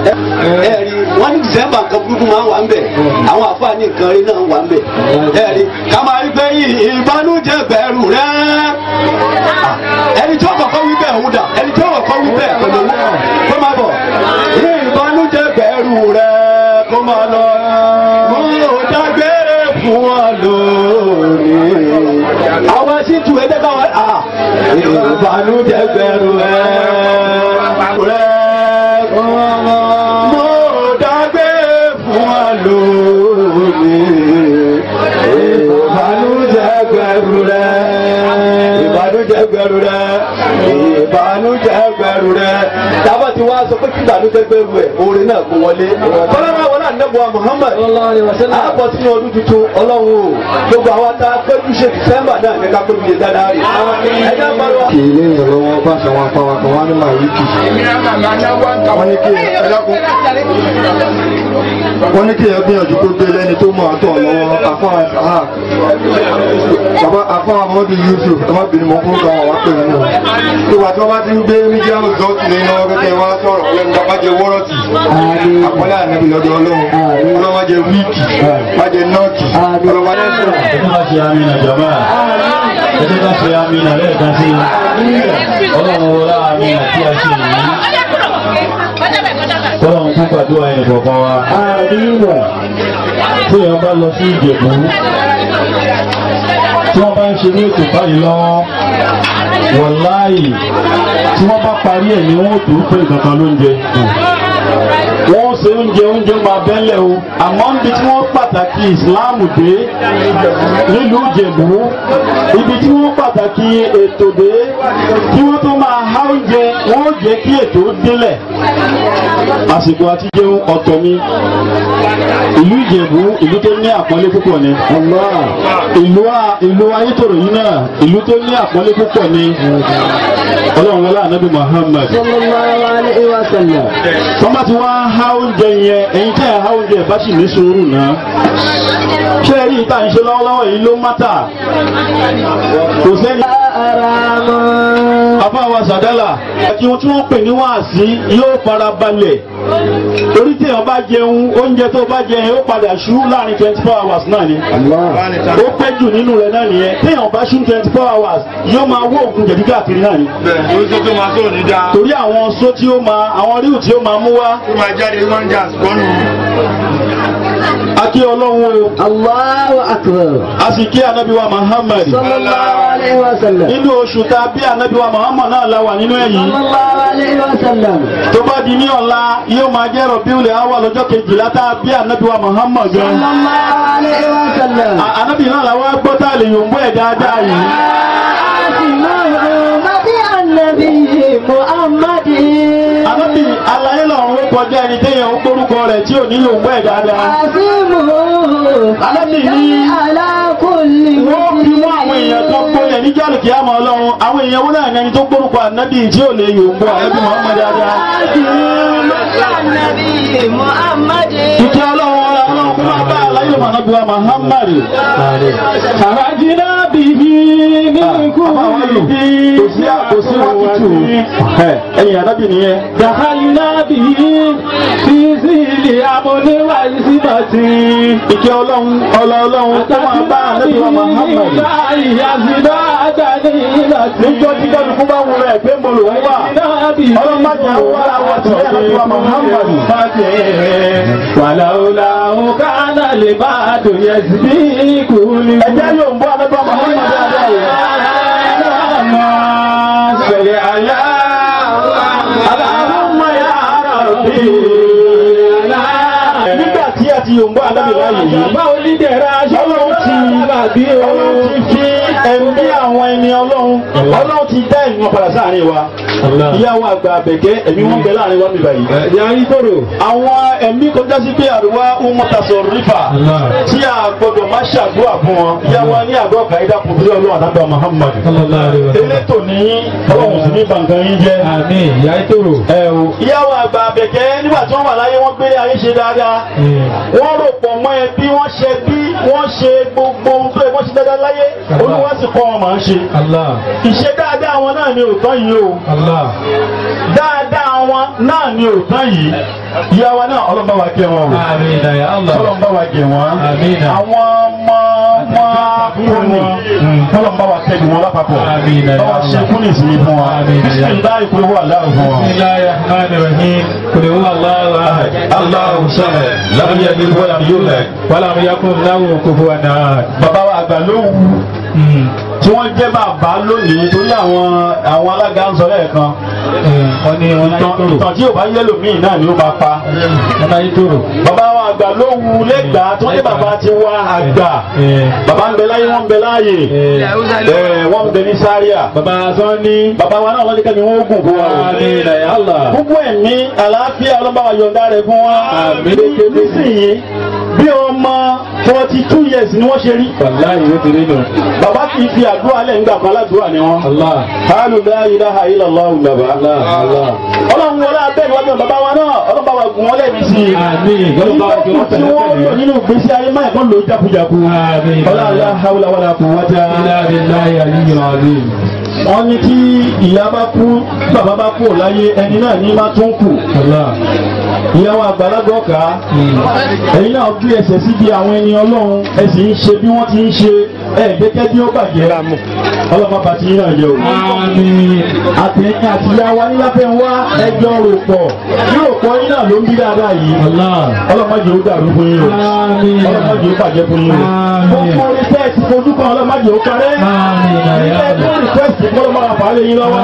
ẹ̀rí wọ́n ní dísẹ́mbà nǹkan burúkú máa ń wà ń bẹ̀ àwọn àfáà ní nǹkan rí náà wà ń bẹ̀ ẹ̀rí ká máa rí pé ìbánújẹ́ bẹ̀rù rẹ̀ ẹni tí ó kọ́kọ́ wí bẹ́ẹ̀ ń dà ẹni tí ó kọ́kọ́ wí bẹ́ẹ̀ kò lówó kó máa bọ̀ ìbánújẹ́ bẹ̀rù rẹ̀ kó máa lọ mo dágbére fún ọ lónìí àwọn sì tù ẹ́ dẹ́gbàá ìbánújẹ́ bẹ̀rù rẹ̀ mo dágbé fún wa lónìí ìbànújẹ́ gbẹrù rẹ ìbànújẹ́ gbẹrù gbẹrù rẹ wá sọ pé kí ìbànújẹ́ gbé ru ẹ̀ orin náà kò wọlé. bọ́lá wọlé àdébọ̀ Muhammad àbọ̀ sínú ọdún tuntun ọlọ́run o gbogbo àwọn tá a péjú ṣe December náà ní ká péjú ṣe dáadáa rè. ẹ̀dá balùwà. kì í lè yọ̀rọ̀ wọn bá ṣe wọn pa wọn kan wọn ní màá rí kì í. wọ́n ní kí ẹ gbìyànjú kó gbé lẹ́ni tó mọ̀ àtọ̀ lọ́wọ́ àfọwọ́ bàbá àfọwọ́ Yusuf ẹ má bínú mọ́ kó pè mí ìwà tí wọ́n bá ti ń gbé mídíà ọ̀dọ́ kìnìún lọ́wọ́ kẹ́kẹ́ wá sọ̀rọ̀ ọlọ́run má jẹ wọ́rọ̀tì àpọ́lá ànábì lọ́dọ̀ ọlọ́run ọlọ́run má jẹ wíìkì má jẹ nọ́ọ̀tì ọlọ́run má jẹ sọ̀rọ̀. ẹ jẹ́ ká ṣe àmì nàjọba ẹ jẹ́ ká ṣe àmì nàlẹ́ẹ̀ká sí ọlọ́run wọlá àmì àti àṣẹ yìí kọ́lọ́run kó gbàdúrà ẹnì kọ̀ọ̀kan wa. tí èèyàn bá lọ sí ìjẹ̀bú tí wọ́n bá ń ṣe ní ètò báyìí lọ́wọ́ wàláì tí wọ́n bá parí ẹ̀ ni wọ́n tó pé nǹkan kan lóúnjẹ wọ́n ṣe oúnjẹ oúnjẹ máa bẹ́lẹ̀ o àmọ́ níbi tí wọ́n pàtàkì ìsìláàmù dé nílùú Ìjẹ̀bú ibi tí wọ́n pàtàkì ètò dé kí wọ́n tó máa há oúnjẹ wọn ó jẹ́ kí ètò délẹ̀ àsìkò àti jẹun ọ̀tọ̀ ni ìlú ìjẹ̀bú ìlú tó ní àpọ́nlé púpọ̀ ni ìlú ìlú ayétòrò yìí náà ìlú tó ní àpọ́nlé púpọ̀ ni ọlọ́run wọlé ànábì Muhammad tọ́ba ti wá há oúnjẹ yẹn ẹ̀yin tẹ́ ẹ̀ oúnjẹ bá sì ní sùúrù náà ṣé èyí ìta ń ṣe lọ́wọ́lọ́wọ́ yìí ló mátà kò sẹ́ni àfa sàdálà àti ohun tí wọ́n pè ní wáàsí yóò fara balẹ̀ torí tí èèyàn bá jẹun oúnjẹ tó bá jẹ yẹn padà ṣú láàrin twenty four hours náà ni ó pẹ́ jù nínú rẹ̀ náà nìyẹn téèyàn bá ṣú twenty four hours yóò máa wó oògùn jẹ̀dí káàkiri náà ni. bẹ́ẹ̀ oúnjẹ tó máa tó ní dáa. torí àwọn só tí ó máa àwọn ríù tí ó máa mú wá. ó máa jáde lọ́njà sùgbọ́nù akí ọlọ́run o. Allahu a sì kí anabi wa Muhammad. sallallahu alayhi wa sallam. nínú oṣù tá a bí anabi wa Muhammad náà la wà nínú èyí. sallallahu alayhi wa sallam. tó bá di ní ọ̀la yóò máa jẹ́ rọ̀bíwìlì àwa lọ́jọ́ kejìlá tá a bí anabi wa Muhammad gan. sallallahu alayhi wa anabi náà la wá gbọ́ tá a lè yòǹgbọ́ ẹ̀ dáadáa yìí. anabi Muhammad. anabi ala kọjá ẹni téèyàn ń gbórúkọ rẹ̀ tí ò ní yòówù ẹ̀ dáadáa. àfihàn alẹ́ mi wọ́n fi mú àwọn èèyàn tó kó yẹn ní jálùkì àmọ́ ọlọ́run àwọn èèyàn wọn náà ẹni tó gbórúkọ ànábì tí ò lè yòówù ànábì Muhammad dáadáa. ìkẹ́ ọlọ́run ọlọ́run kó má bàa ọmọ anábíwá Muhammad àrájínà bìbí nínú ìdí kò sí àkóso wájú ẹ̀yìn anábì nìyẹn. dàhálínà bìbí tí sí ilé amúníwá ìsìbàtì. ìkẹ́ ọlọ́run ọlọ́run tó máa bá anábíwá Muhammad. ìgbà ìyàsídá àdáni ìlàtí. níjọ́ tí kálukú bá wúrẹ̀ pé mo lò wá. ọlọ́run má jà àwọn tí ẹ̀rọ tó wà Muhammad. wàlàó làwọn kan lè bá a dùn yẹ sí bí ikú yóò ń bọ́ abẹ́bọ́ ọmọ ní ìmọ̀lẹ́ abẹ́rẹ́. ọmọ sọ̀rọ̀ àyà aláwọ̀ ya ara bí. nígbà tí ẹ ti yóò ń bọ́ abẹ́bẹ́ láyé yìí. báwo ní dẹ̀ra àbí ọlọ́run ti fi ẹ̀mí àwọn ẹni ọlọ́run ọlọ́run ti dá ẹ̀mí wọn padà sáàrin wa ìyàwó àgbà àbẹ̀kẹ́ ẹ̀mí wọn bẹ láàrin wa mi báyìí. yàrá ìgbòrò. àwọn ẹ̀mí kò dásí pé àríwá umotaso rifa tí a gbọdọ̀ má ṣàdúrà fún wọn ìyàwó ní àgọ́ kàídà kò bí ọlọ́run àtàgbà Muhammad. elétò ní ọlọ́run sì ní yín jẹ́. àmín yàrá ìgbòrò. ìyàwó àgbà àbẹ̀kẹ́ nígbà tí wọ́n wà láyé wọ́n gbé ayé ṣe dáadáa wọ́n rò pọ̀ mọ́ ẹbí wọ́n ohun tó yẹ kó dáadáa láyé olúwa sì kọ́ wọn máa ń ṣe. ìṣe dáadáa wọn náà ni òótọ́ yìí o dáadáa wọn náà ni ò tán yìí ìyàwó náà ọlọ́mọba wa kẹ́ wọn o ọlọ́mọba wa kẹ́ wọn àwọn ọmọ wọn kúrò ọlọ́mọba wa kẹ́ wọn lápapọ̀ ọwọ́ sẹ́kún ní ìsinmi fún wa bisimilayi kúrò wà láàrú fún wa. bisimilayi ahmed rahim kúrò wà láàrú ahmed aláàrú sọ̀rọ̀ lábúyẹ̀ ní wọ́n yóò lẹ̀ wọ́n làwọn yakun láwọn kò fún wa náà. bàbá wa àgbà ló wù. Hmm tí wọ́n jẹ́ bàbá lónìí torí àwọn àwọn alága ń sọ lẹ́ẹ̀kan eh, ìtàn tí yóò yẹ́lò míì náà ni ó bá pa bàbá wa àgbà ló wu lẹ́gbàá tí wọ́n jẹ́ bàbá ti wá àgbà eh, eh. bàbá ń bẹ láyé wọ́n ń bẹ láàyè wọ́n ń bẹ ní sáríà bàbá sọ́n ní bàbá wa náà wọ́n kẹ́mi wọ́n gùn kó wa gbogbo ẹ̀mí àlàáfíà ọlọ́ba bí ọmọ forty two years ni wọ́n ṣe rí. wàláyé o ti rí nù. bàbá kì í fi àdúrà lẹ̀ nígbà kan aládùúrà ni wọ́n. hálù láyé láha ilà láwù bàbá. ọlọ́run wọlé abẹ́rẹ́ wájú bàbá wa náà ọlọ́ba wa gùn wọlé mi sí i. àmín ìgbọ́lọ́ba wa gùn wọ́n tẹ̀lé tẹ̀lé. ìgbà tí wọ́n lò nínú ìgbésí ayé máa ẹ̀kọ́ lò ó jákujáku. àmín ìgbọ́lọ́ wọ́n ní tí ìyá bá kú bàbá bá kú láyé ẹni náà ní má tún kù ìyàwó àgbàlagbà ọ̀ka hmm. ẹ̀yin náà bí ẹsẹ̀ síbi àwọn ẹni ọlọ́run ẹ sì ń ṣe bí wọ́n ti ń ṣe ẹ̀ gẹ́gẹ́ bí ó bàjẹ́ ọlọ́mọ bàtí yín náà yẹ o. àtẹ̀yìn àti ìyàwó aníláfẹ́ ń wá ẹjọ́ rò pọ̀ yóò pọ̀ yín náà ló ń bí dáadáa yìí ọlọ́mọ jẹ́ ó dàrú fún yín o ọlọ́mọ jẹ́ ó bàjẹ́ fún yín o. mo kọ́ rìfẹ́ẹ̀sì fojú kan ọlọ́mọ jẹ́ ó parẹ́ ilé ẹgbẹ́ rìfẹ́ẹ̀sì kọ́lọ́ máa fà á lè yín lọ́wọ́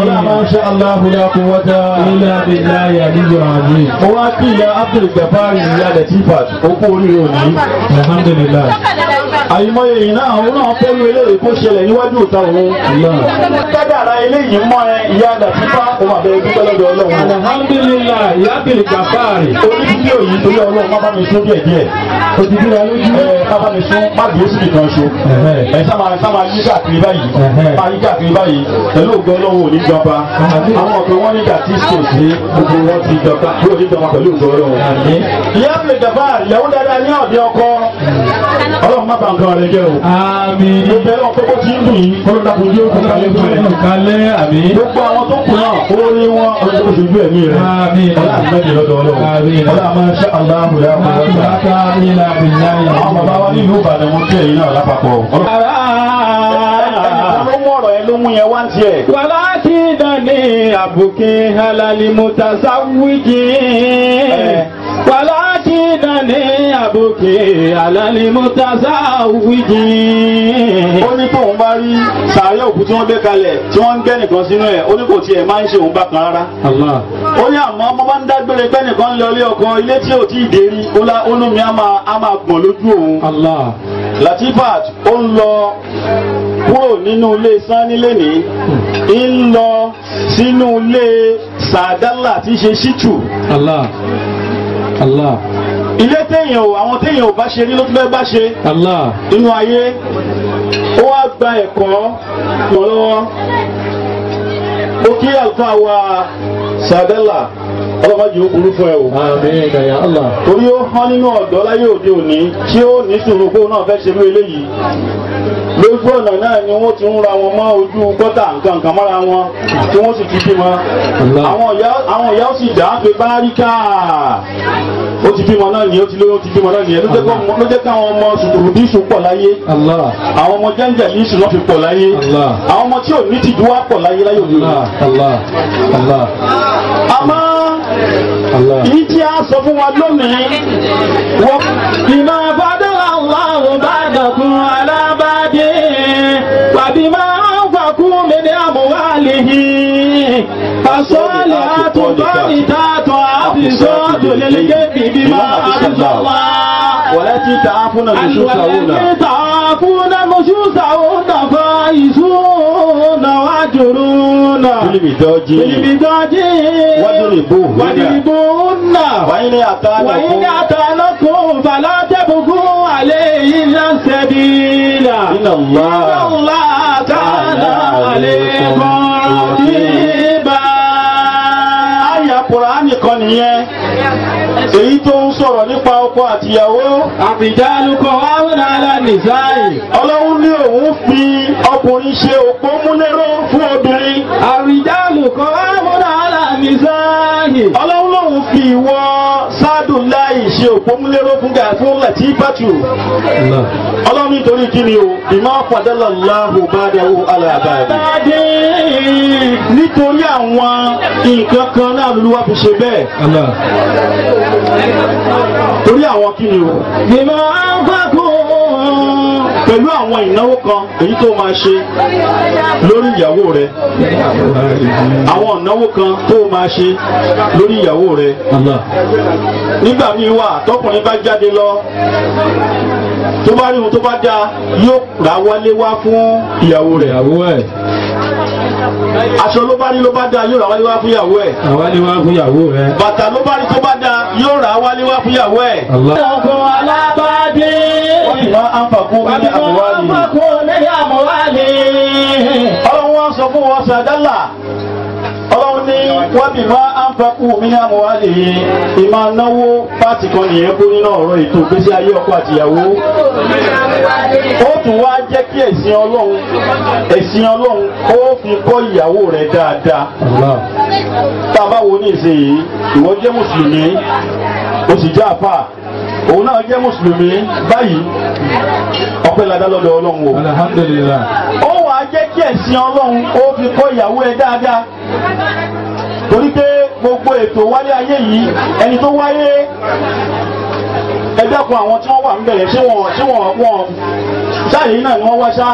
ọlá máa ń ṣe aláhùlá kó wọ́tá ilé abẹ́lá yà níjọ àmì. mo wá kí ìyá Abdul Jabbar ìyá Latifat okú oríire òní. alhamdulillah. àyùmọ̀ye yìí náà òun náà fẹ́ lu eléyìí kó ṣẹlẹ̀ níwájú ìta òun. kádàrá eléyìí mọ́ ẹ ìyá Latifa òun àbẹ̀rẹ̀ dúpẹ́ lọ́dọ̀ ọlọ́run. alhamdulillah ìyá Abdul Jabbar. orí fídíò torí ọlọ́run má bá mi tó díẹ̀ díẹ̀. òtítí ra lójú káfá mi sún má dúró síbi kan ṣo ẹ sábà sábà yí káàkiri báyìí má yí káàkiri báyìí pẹ̀lú ògbẹ́ ọlọ́wọ́ òní jọba àwọn ọ̀gbẹ́ wọn ní gàtísítò sí gbogbo wọn ti jọba yóò ní jọba pẹ̀lú ògbẹ́ ọlọ́wọ́. ìyá mi jàmbá ìyàwó dáadáa ní ọ̀dẹ́ ọkọ ọlọ́run má bàa nǹkan rẹ jẹ́ o. àmín. mo bẹ̀rẹ̀ ọ̀pẹ́ bó ti ń dùn yín kó ló dákun yóò kó kalẹ̀ fún ẹ. kalẹ̀ àmín. gbogbo àwọn tó kù náà ó ní wọn oṣù ju ẹ̀mí rẹ. àmín. ọlọ́run mẹ́jọ lọ́dọ̀ ọlọ́run. àmín. ọlọ́run máa ń ṣe àlọ́ àbúrò àbúrò. àbúrò àbúrò àbúrò àbúrò àbúrò wa nílùú Ìbàdàn mo tẹ̀ yín náà lápapọ̀. ló mú ọ̀rọ̀ yẹn ló halali mutasawikin. wàlá ní àbòkè àlàní mọ́tàzá wíjì. ó ní tóun bá rí sàárẹ̀ òkú tí wọ́n gbé kalẹ̀ tí wọ́n ń gbẹ́ nìkan sínú ẹ̀ ó ní kò tiẹ̀ máa ń ṣe òun bákan rárá. ó ní àmọ́ ọmọ bá ń dágbére pé nìkan ń lọ ọkọ ilé tí ò tí ì dé rí á máa gbọ̀n lójú òun. Latifat ó ń lọ kúrò nínú ilé sanni lẹ́nìí hmm. ń lọ sínú ilé sàdálà tí í ṣe ṣíṣù. Allah. ilé téèyàn ò àwọn téèyàn ò bá ṣe rí ló tún bẹ́ẹ̀ bá ṣe. Allah. inú ayé ó wá gba ẹ̀kọ́ lọ́wọ́ ó kí àlùfáà wa sàbẹ́là ọlọ́mọdé ó burú fún ẹ o. Allah. torí ó hán nínú ọ̀dọ́ láyé òde òní tí ó ní sùúrù kó náà fẹ́ ṣerú eléyìí lójú ọ̀nà náà ni wọ́n ti ń ra wọn mọ́ ojú gọ́tà nǹkan nǹkan mọ́ra wọn tí wọ́n sì ti bímọ àwọn ìyá ó sì dá pé báríkà ó ti bímọ náà nìyẹn ó ti lóyún ó ti bímọ náà nìyẹn ló jẹ́ káwọn ọmọ sùkùrùdísù pọ̀ láyé àwọn ọmọ jẹ́ńjẹ̀lísù náà fi pọ̀ láyé àwọn ọmọ tí ò ní tìjú wá pọ̀ láyé láyé òní. àmọ́ yìí tí a sọ fún wa lónìí wọ́n ìmọ̀ àbádọ́ àwọn bá dàkún بما أنفقوا من أموالهم فالصالحات قانتات عابدات للجد بما أنزل الله والتي تعافون نشوزهن التي تعافون نشوزهن فائزون وهجرون بالمداجي بالمداجي واضربوهن واضربوهن وإن أتانكم وإن أتانكم فلا تبغوا عليهن سبيلا إن الله إن الله كان عليكم رقيبا آية قرآن كونيه èyí tó ń sọ̀rọ̀ nípa ọkọ àtìyàwó. àbìdálukọ àwọn alánìsáì. ọlọ́run ní òun fi ọkùnrin ṣe òpó múlẹ́rọ́ fún obìnrin. àbìdálukọ àwọn alánìsáì. ọlọ́run lòun fi ìwọ ṣe òpómúléró fún gàfó láti bàtù ọlọ́run nítorí kí ni o ìmọ̀ fadala Allahu ba'dahu ala ba'di. nítorí àwọn nǹkan kan náà lolúwa fi ṣe bẹ́ẹ̀. torí àwọn kí ni o. ìmọ̀ fàkùn pẹ̀lú àwọn ìnáwó kan èyí tó máa ṣe lórí ìyàwó rẹ àwọn ìnáwó kan tó máa ṣe lórí ìyàwó rẹ nígbà míì wà tọkùnrin bá jáde lọ tó bá rí ohun tó bá dáa yóò rà wálé wá fún ìyàwó rẹ̀. ìyàwó ẹ̀. aṣọ ló bá rí ló bá dáa yóò rà wálé wá fún ìyàwó ẹ̀. rà wálé wá fún ìyàwó rẹ̀. bàtà ló bá rí tó bá dáa yóò rà wálé wá fún ìyàwó ẹ̀. ọkọ̀ alábàdé. wọ́n ti máa ń fàkún ní àmúwálé. wọ́n ti máa ń fàkún ní àmúwálé. ọlọ́run wá sọ fún wọn sàdálà ọlọ́run ní wọ́n bí máa ń fakú mi ní àmúwálì ìmọ̀ náwó pàtì kan nìyẹn kú nínú ọ̀rọ̀ ètò ìgbésí ayé ọkọ àtìyàwó. ó tún wá jẹ́ kí ẹ̀sìn ọlọ́run ẹ̀sìn ọlọ́run ó fi kọ́ ìyàwó rẹ̀ dáadáa. tá a bá wo ní ìsinyìí ìwọ jẹ́ mùsùlùmí ó sì jẹ́ àfà òun náà jẹ́ mùsùlùmí báyìí ọpẹ́ ladá lọ́dọ̀ ọlọ́run o. alhamdulillah jẹ́ kí ẹ̀sìn ọlọ́run ó fi kọ́ ìyàwó ẹ dáadáa torí pé gbogbo ètò wálé ayé yìí ẹni tó wáyé ẹ àwọn tí wọ́n wà ń bẹ̀rẹ̀ tí wọ́n tí wọ́n wọ́n sáàyè náà ni wọ́n wá sá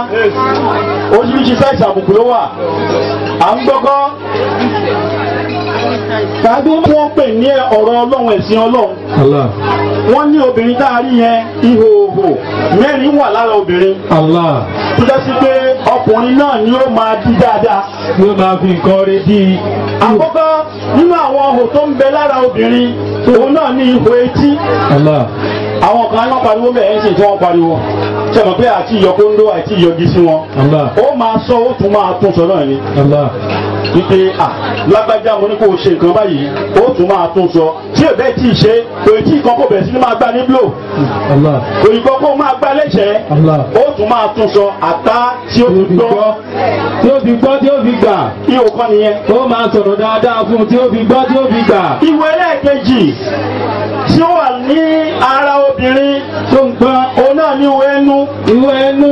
oríṣiríṣi sáìsì àbùkù ló wà à ń gbọ́kọ́ tàbí wọ́n pè ní ọ̀rọ̀ ọlọ́run ẹ̀sìn ọlọ́run wọ́n ní obìnrin tá a rí yẹn ihò òhò mẹ́rin wà lára obìnrin tó sí pé ọkùnrin náà ni ó máa dí dáadáa. ló máa fi nǹkan rẹ dí àkọ́kọ́ nínú àwọn ihò tó ń bẹ lára obìnrin òun náà ní ihò etí àwọn kan náà pariwo bẹ́ẹ̀ ń ṣe tí wọ́n pariwo sẹ́mi pé àti ìyọkóńdó àti ìyọgi sí wọn ó máa sọ ó tún máa tún sọ náà wípé à lágbájá mo ní kó o ṣe nǹkan báyìí ó tún máa tún sọ tí ò bẹ́ẹ̀ tí ì ṣe òye tí ìkan kò bẹ̀rẹ̀ sí ni máa gbá ní blò òye kan kó máa gbá lẹ́sẹ̀ẹ́ ó tún máa tún sọ àtá tí ó fi gbọ́ tí ó fi gbọ́ tí ó fi gbà ihò kan nìyẹn ó máa sọ̀rọ̀ dáadáa fún tí ó fi gbọ́ tí ó fi gbà. ìwé ẹlẹ́ẹ̀kejì tí ó wà ní ara obìnrin tó ń gbọ́n òun náà ní ìwé ẹnu ìwé ẹnu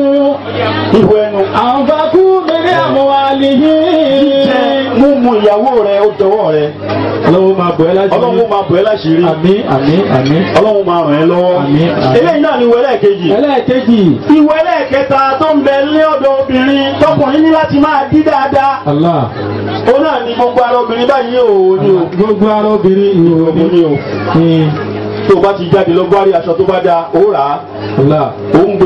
ìwé ẹnu. àǹfààkú mẹ́rin àwọn àlejò. jíjẹ mímu ìyàwó rẹ ó dọwọ́ rẹ. ọlọ́run máa bọ̀ ẹ́ láṣìírí. ọlọ́run máa bọ̀ ẹ́ láṣìírí. àmín àmín àmín. ọlọ́run máa ràn ẹ́ lọ́wọ́. àmín àmín. eléyìí náà ni ìwé ẹlẹ́ẹ̀kejì. ẹlẹ́ẹ̀kejì. ìwé ẹlẹ́ẹ̀kẹta tó ń bẹ ní ọ̀dọ̀ obìnrin tọkùnrin ní láti máa dí dáadáa. Allah. ó náà ni gbogbo ara obìnrin báyìí ò ní o. gbogbo ara obìnrin ìhòòhò ni o. tó o bá ti jáde lọ gbárí aṣọ tó bá dáa ó rà á. Allah. ó ń b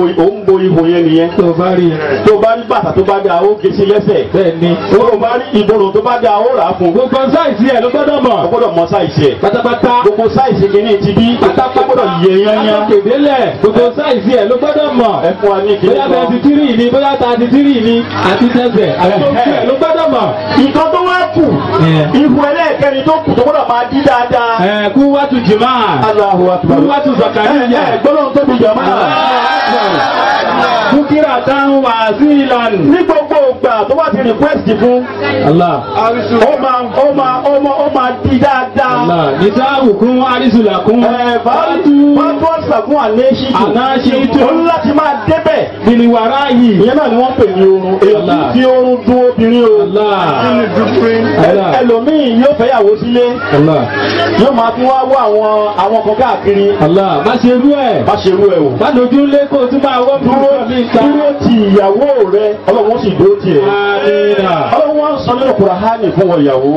ipò yẹn nìyẹn. tó bá rí rẹ̀. tó bá rí bàtà tó bá da ó gé sí lẹ́sẹ̀. bẹ́ẹ̀ni. tó bá rí ìbòrò tó bá da ó rà á fún. gbogbo sáìsì ẹ̀ ló gbọ́dọ̀ mọ̀. ó gbọ́dọ̀ mọ sáìsì ẹ̀. pátápátá. gbogbo sáìsì kìíní ti bí. pátápátá gbọ́dọ̀ yẹ yányá. kédélẹ̀ gbogbo sáìsì ẹ̀ ló gbọ́dọ̀ mọ̀. ẹ fún wa ní kí bóyá bẹ́ẹ̀ ti tírì ni bóyá ta ti tírì ni àti tẹ̀sẹ̀ ló gbọ́dọ̀ mọ̀. nǹkan tó wá kù ìhù ẹlẹ́ẹ̀kẹrin tó kù tó gbọ́dọ̀ máa dí ẹ kú wá tu jìmá. aláhùn àtúbà kú wá tu zakari. ẹ gbọ́dọ̀ tóbi jọ̀mọ́ dúkìrà táwọn wà sí ìlànà. ní gbogbo ìgbà tó bá ti request fún. Allah. ó máa ó máa ó máa ó máa di dáadáa. níta àbùkún àrísùlà kún. ẹ fàtú fàtú àkún àléṣìtù. àléṣìtù. olú láti máa débẹ̀. bìnnìwàrà yìí. ìyẹn náà ni wọ́n pè ní oorun. èyí tí oorun dún obìnrin o. ẹlòmíì yóò fẹ́yàwó sílé. yóò máa tún wá wọ àwọn àwọn kan káàkiri. má ṣe rú má ṣe rú o. má dojú lé kó o tún máa wọ́pọ̀ dúró ti ìyàwó rẹ ọlọ́run ó sì dúró ti ẹ̀. ọlọ́run wọn sọ nínú kùràhánì fún wọn ìyàwó.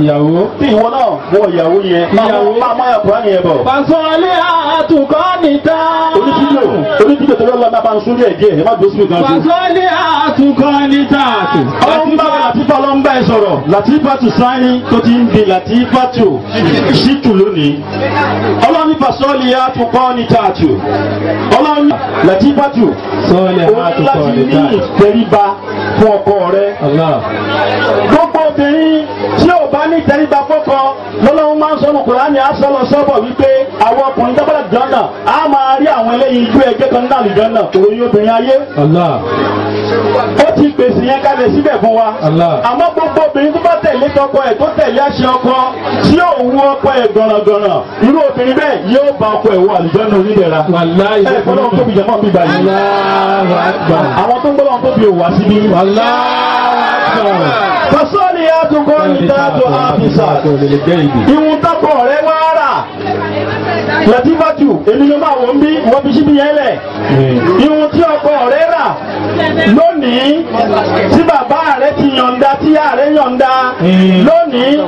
ìyàwó. tí ìwọ náà wọ ìyàwó yẹn. ìyàwó máa máa yà kùràhánì yẹn bọ̀. pàṣọlẹ̀ àtùkọ́ nìta. onídìdò onídìdò tó lọ́la máa bá ń sórí ẹ̀ díẹ̀ ẹ má dùn sí mi gan. pàṣọlẹ̀ àtùkọ́ nìta. ọlọ́mbà làtífà ọlọ́mbà ẹ sọ̀rọ̀ làtífà tù sáyìn tó ti ń di làtífà tù ṣìtù lónìí. ọlọ́ni pàṣọlẹ̀ àtùkọ́ nìta tù ọlọ́ni làtífà tù sọ́ọ̀lẹ̀ àti sọ́ọ̀lẹ̀ káàdì. òun láti ní ìtẹríba fún ọkọ rẹ. gbogbo obìnrin tí ó bá ní ìtẹríba kọ́kọ́ lọ́lọ́run máa ń sọ nù kùránì àṣọlọ sọ́bọ̀ wípé àwọn ọkùnrin dábàdà jọ́nà á máa rí àwọn eléyìí ju ẹgbẹ́ kan náà lè jọ́nà òròyìn obìnrin ayé. ó ti pèsè yẹn kalẹ̀ síbẹ̀ fún wa. àmọ́ gbogbo obìnrin tó bá tẹ̀lé tọkọ ẹ̀ tó tẹ̀lé àṣẹ ọkọ tí òun ọkọ ẹ̀ gànàgànà irú obìnrin bẹ́ẹ̀ yóò bá ọkọ ẹ̀ wọ àlùjọ́nà onídẹ̀ra. ẹ fọlọ́ tó fi jẹ́mọ́ mi gbà yìí. àwọn tó ń gbọ́ lọ́wọ́ tó fi òwà síbí. kọ́sọ́ọ̀lì yà á tún kọ́ ìta to àfisà. Ìwọ̀n tọkọ rẹ wá latifatu èmi ló máa wò ń bí wọ́n fi síbi yẹn lẹ̀ ihun hmm. tí ọkọ rẹ rà lónìí tí bàbá rẹ ti yọ̀ǹda tí ìyá rẹ yọ̀ǹda hmm. lónìí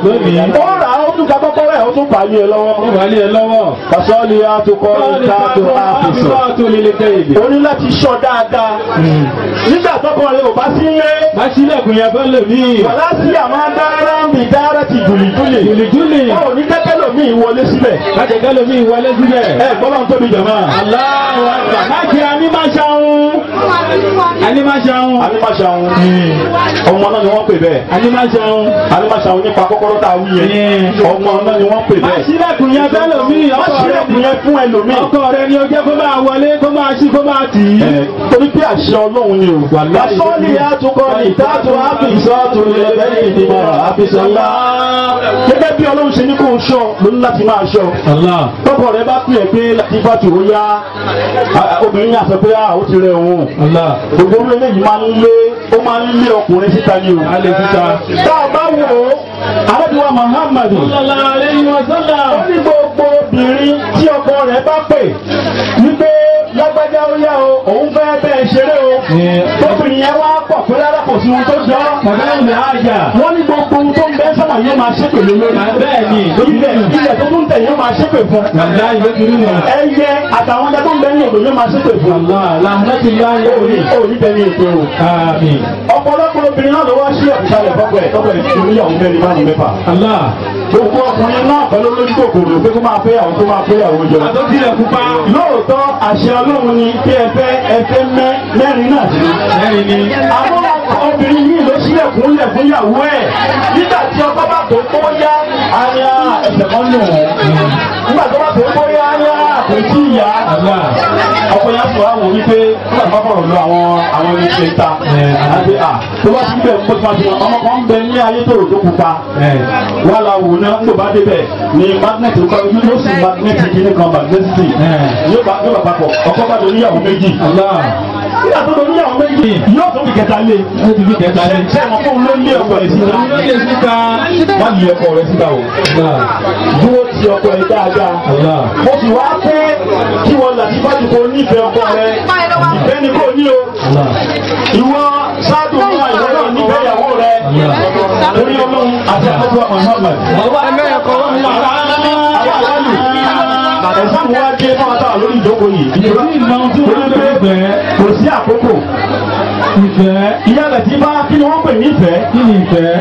ó rà ó tún ka kọ́kọ́ rẹ̀ ó tún bà lé ẹ lọ́wọ́. ó bà lé ẹ lọ́wọ́. pàṣọ́lì àtòkọ ìta tó àfẹsọ. ó ní láti sọ dáadáa. Hmm. nígbà tọkọ rẹ ò bá sí ń lé. bá sílẹ̀kùn yẹn fẹ́ lè mí. wàlá àmọ́ dára ń dára ti jùlìjùlì. jùlìjùlì. ní kẹ́kẹ́ ló mi wọlé síbẹ̀ má jẹ́ mi wọlé síbẹ̀ ẹ gbọ́dọ̀ tóbi jọ̀mọ́. aláwọ̀ àgbà má jẹ́ àmì má ṣàrùn. Alimajaun. Alimajaun. Ọmọ náà ni wọ́n pè bẹ́ẹ̀. Alimajaun. Alimajaun nípa kọ́kọ́rọ́ tá a wí yẹn. Ọmọ náà ni wọ́n pè bẹ́ẹ̀. Máṣílẹ̀kùn yẹn bẹ́ẹ̀ lómi. Máṣílẹ̀kùn yẹn fún ẹlòmíì. Ọkọ rẹ ni o jẹ́ kó máa wọlé kó máa ṣí kó máa tì í. Torí pé àṣẹ Ọlọ́run ni òògùn àlá. Lásọ́ọ̀lì àtúkọ ni ìtàtù àbísọ́ọ̀tù lẹ́bẹ̀rẹ̀ ìdìbò àbísọ́lá. Gẹ́gẹ́ bí Ọlọ́run ṣe ní kó ń ló ní láti máa ṣọ́. Tọ́kọ rẹ bá pè é pé Latifatu ó yá gbogbo orí eléyìí máa ń lé ó máa ń lé ọkùnrin síta ni o. a lè síta. tá a bá wò ó arábìnrin wa muhammadu. sallallahu alaihi wasallam. ó ní gbogbo obìnrin tí ọkọ rẹ̀ bá pè wípé lágbájá ó yá o òun fẹ́ bẹ́ẹ̀ ṣeré o tóbìnrin yẹn wá pọ̀ pé rárá kò sí ohun tó jọ bàbá yóò lè ájà wọ́n ní gbogbo ohun tó ń bẹ́ sábà yóò máa ṣépè lórí bẹ́ẹ̀ni ilẹ̀ ilẹ̀ tó tún tẹ̀ yóò máa ṣépè fún ẹyẹ àtàwọn ọjà tó ń bẹ ní odò yóò máa ṣépè fún ọ̀pọ̀lọpọ̀ obìnrin náà ló wá sí ọ̀pùsàlẹ̀ fọ́pọ̀ ẹ̀ tọ́pọ̀ ẹ̀ gbogbo ọkùnrin náà pẹ̀lú olójú kòkòrò pé kó máa fẹ́ àwọn kó máa fẹ́ àwọn jọ. àtọ́sílẹ̀ pupa. lóòótọ́ àṣẹ ọlọ́run ni kí ẹ fẹ́ ẹ fẹ́ mẹ́rin náà mẹ́rin ni. àwọn obìnrin yìí ló sílẹ̀kùn lẹ̀kùn yàwó ẹ̀ nígbà tí ọkọ bá tó kó yá aya ẹsẹ̀ kan nù nígbà tó bá tó kó yá aya kò tí ì yá ọkọ yẹn sọ àwọn wípé nígbà tó bá bọ̀rọ̀ lọ àwọn àwọn ẹni ṣe ta àti à tó bá ti bẹ̀ mọ́tò àti ọmọ kan bẹ ní ayé tó rò tó kú pa wà lá wò náà ń bá débẹ̀ ní magnet kọ́ yóò sì magnet kí ni kan magnet sí yóò bá papọ̀ ọkọ bá tó méjì nígbà tó lórí àwọn méjì yóò tún fi kẹta lé yóò tún fi kẹta lé ṣé àwọn fún ló lé ọkọ rẹ síta ló lé síta má lé ọkọ rẹ síta o dúró ti ọkọ rẹ dáadáa mo sì wá pé kí wọn làtí bá ti kó nífẹ̀ẹ́ ọkọ rẹ ìfẹ́ ni kò ní o ìwọ sáàdù náà ìwọ náà nífẹ̀ẹ́ ìyàwó rẹ torí ọlọ́run àti àkọ́tù ọmọ ìmọ̀ ọ̀gbà. ọ̀gbà ẹgbẹ́ ẹ̀kọ́ wọn ni ẹ̀sìn tí wọ́n dé fún ọ̀tá lórí ìjókòó yìí. ìjọba olùgbé kò sí àkókò. ìfẹ́. ìyàgbẹ́ tí bá kí ni wọ́n pè ní ìfẹ́. kí ni ìfẹ́.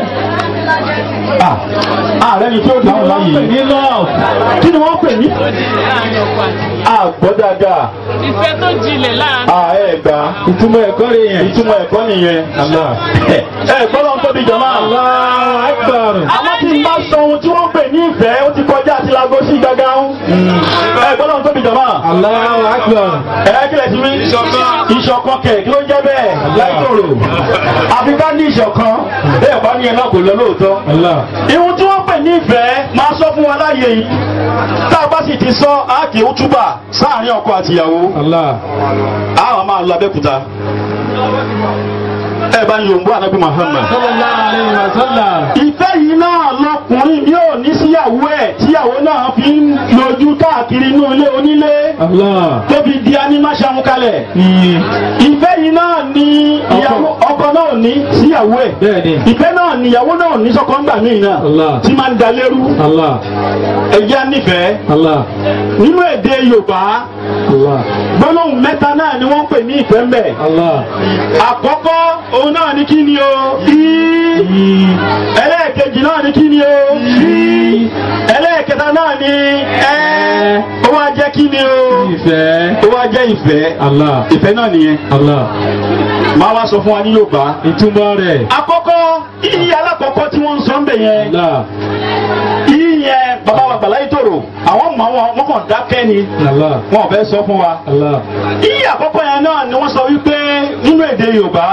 ààrẹ ni tí ó dáhùn láyé. kí ni wọ́n pè ní love. kí ni wọ́n pè ní. àgbọ̀ dáadáa. ìfẹ́ tó jinlẹ̀ láàrin. à ẹ gbà ìtumọ̀ ẹ̀kọ́ rẹ̀ yẹn. ìtumọ̀ ẹ̀kọ́ nìyẹn. ẹ gbọ́dọ̀ ń tóbi jọ̀mọ́. Allahu Akbar. àmọ́ tí n bá sọ ohun tí wọ́n pè ní ìfẹ́ ó ti kọjá lago sí gangan ẹ mm. gbọ́dọ̀ eh, tó bí jọba. Allahu Akbar. ẹ eh, kílẹ̀ sí mi. ìṣọ̀kan. ìṣọ̀kan kẹ̀ kí ló ń jẹ́ bẹ́ẹ̀ láìsòrò. àfi ká ní ìṣọ̀kan bẹ́ẹ̀ bá ní ẹ náà kò lọ lóòótọ́. ìhun tí wọ́n pè ní ìfẹ́ máa sọ fún wa láàyè yìí tá a bá sì ti sọ àáké túbà sáàárín ọkọ àtìyàwó. àwọn máa lọ Abẹ́òkúta ẹ bá yòǹbó ànábì Muhammad. ìfẹ́ yìí náà lọkùnrin yóò ní síyàwó ẹ̀ síyàwó náà fi ń lójú káàkiri inú ilé onílé tóbi di anímáṣàmú kalẹ̀. Hmm. ìfẹ́ yìí náà ni ọkọ náà ní síyàwó ẹ̀ ìfẹ́ náà ni ìyàwó náà ní sọ́kọ́ ńgbà míì náà tí máa ń da ẹ̀yà nífẹ̀ẹ́ nínú èdè Yorùbá gbólóhùn mẹ́ta náà ni wọ́n pè ní ìfẹ́ mbẹ́ àkọ́kọ́ òun náà ní kí ni o bí ẹlẹ́ẹ̀kejì náà ní kí ni o bí ẹlẹ́ẹ̀kẹta náà ní ẹ ó wá jẹ́ kí ni o ó wá jẹ́ ìfẹ́ Allah ìfẹ́ náà nìyẹn Allah máa wá sọ fún wa ní Yorùbá ìtumọ̀ rẹ̀ àkọ́kọ́ iyì alákọ̀ọ́kọ́ tí wọ́n ń sọ ń bẹ̀ yẹn iyì yẹn bàbá wa gbàlá ìtòrò àwọn mọ wọn wọn kàn dákẹ́ ni wọn ò fẹ́ sọ fún wa iyì àkọ́kọ́ yẹn náà ni wọ́n sọ wípé nínú èdè Yorùbá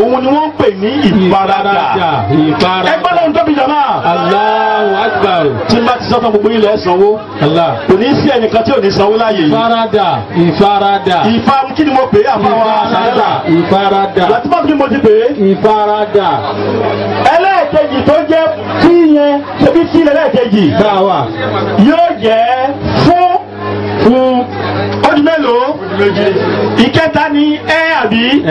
òun òun ni wọ́n ń pè ní ìfaradà ẹgbẹ́ lóun tóbi jọ náà. Allahu tí n bá ti sọ́tàn gbogbo ilẹ̀ sanwó. kò ní sí ẹnìkan tí ò ní sanwó láàyè yìí. ìfaradà ìfaradà. ìfa kí ni mo pè é àfáwà àtàlà. ìfaradà. látìmọ́ kí ni mo ti pè é. ìfaradà. ẹlẹ́ẹ̀kejì tó jẹ́ tí yẹn ṣe bí tí ilẹ̀ ẹlẹ́ẹ̀kejì. báwa. yóò jẹ́ fún fún ó mélòó ìkẹta ni ẹ àbí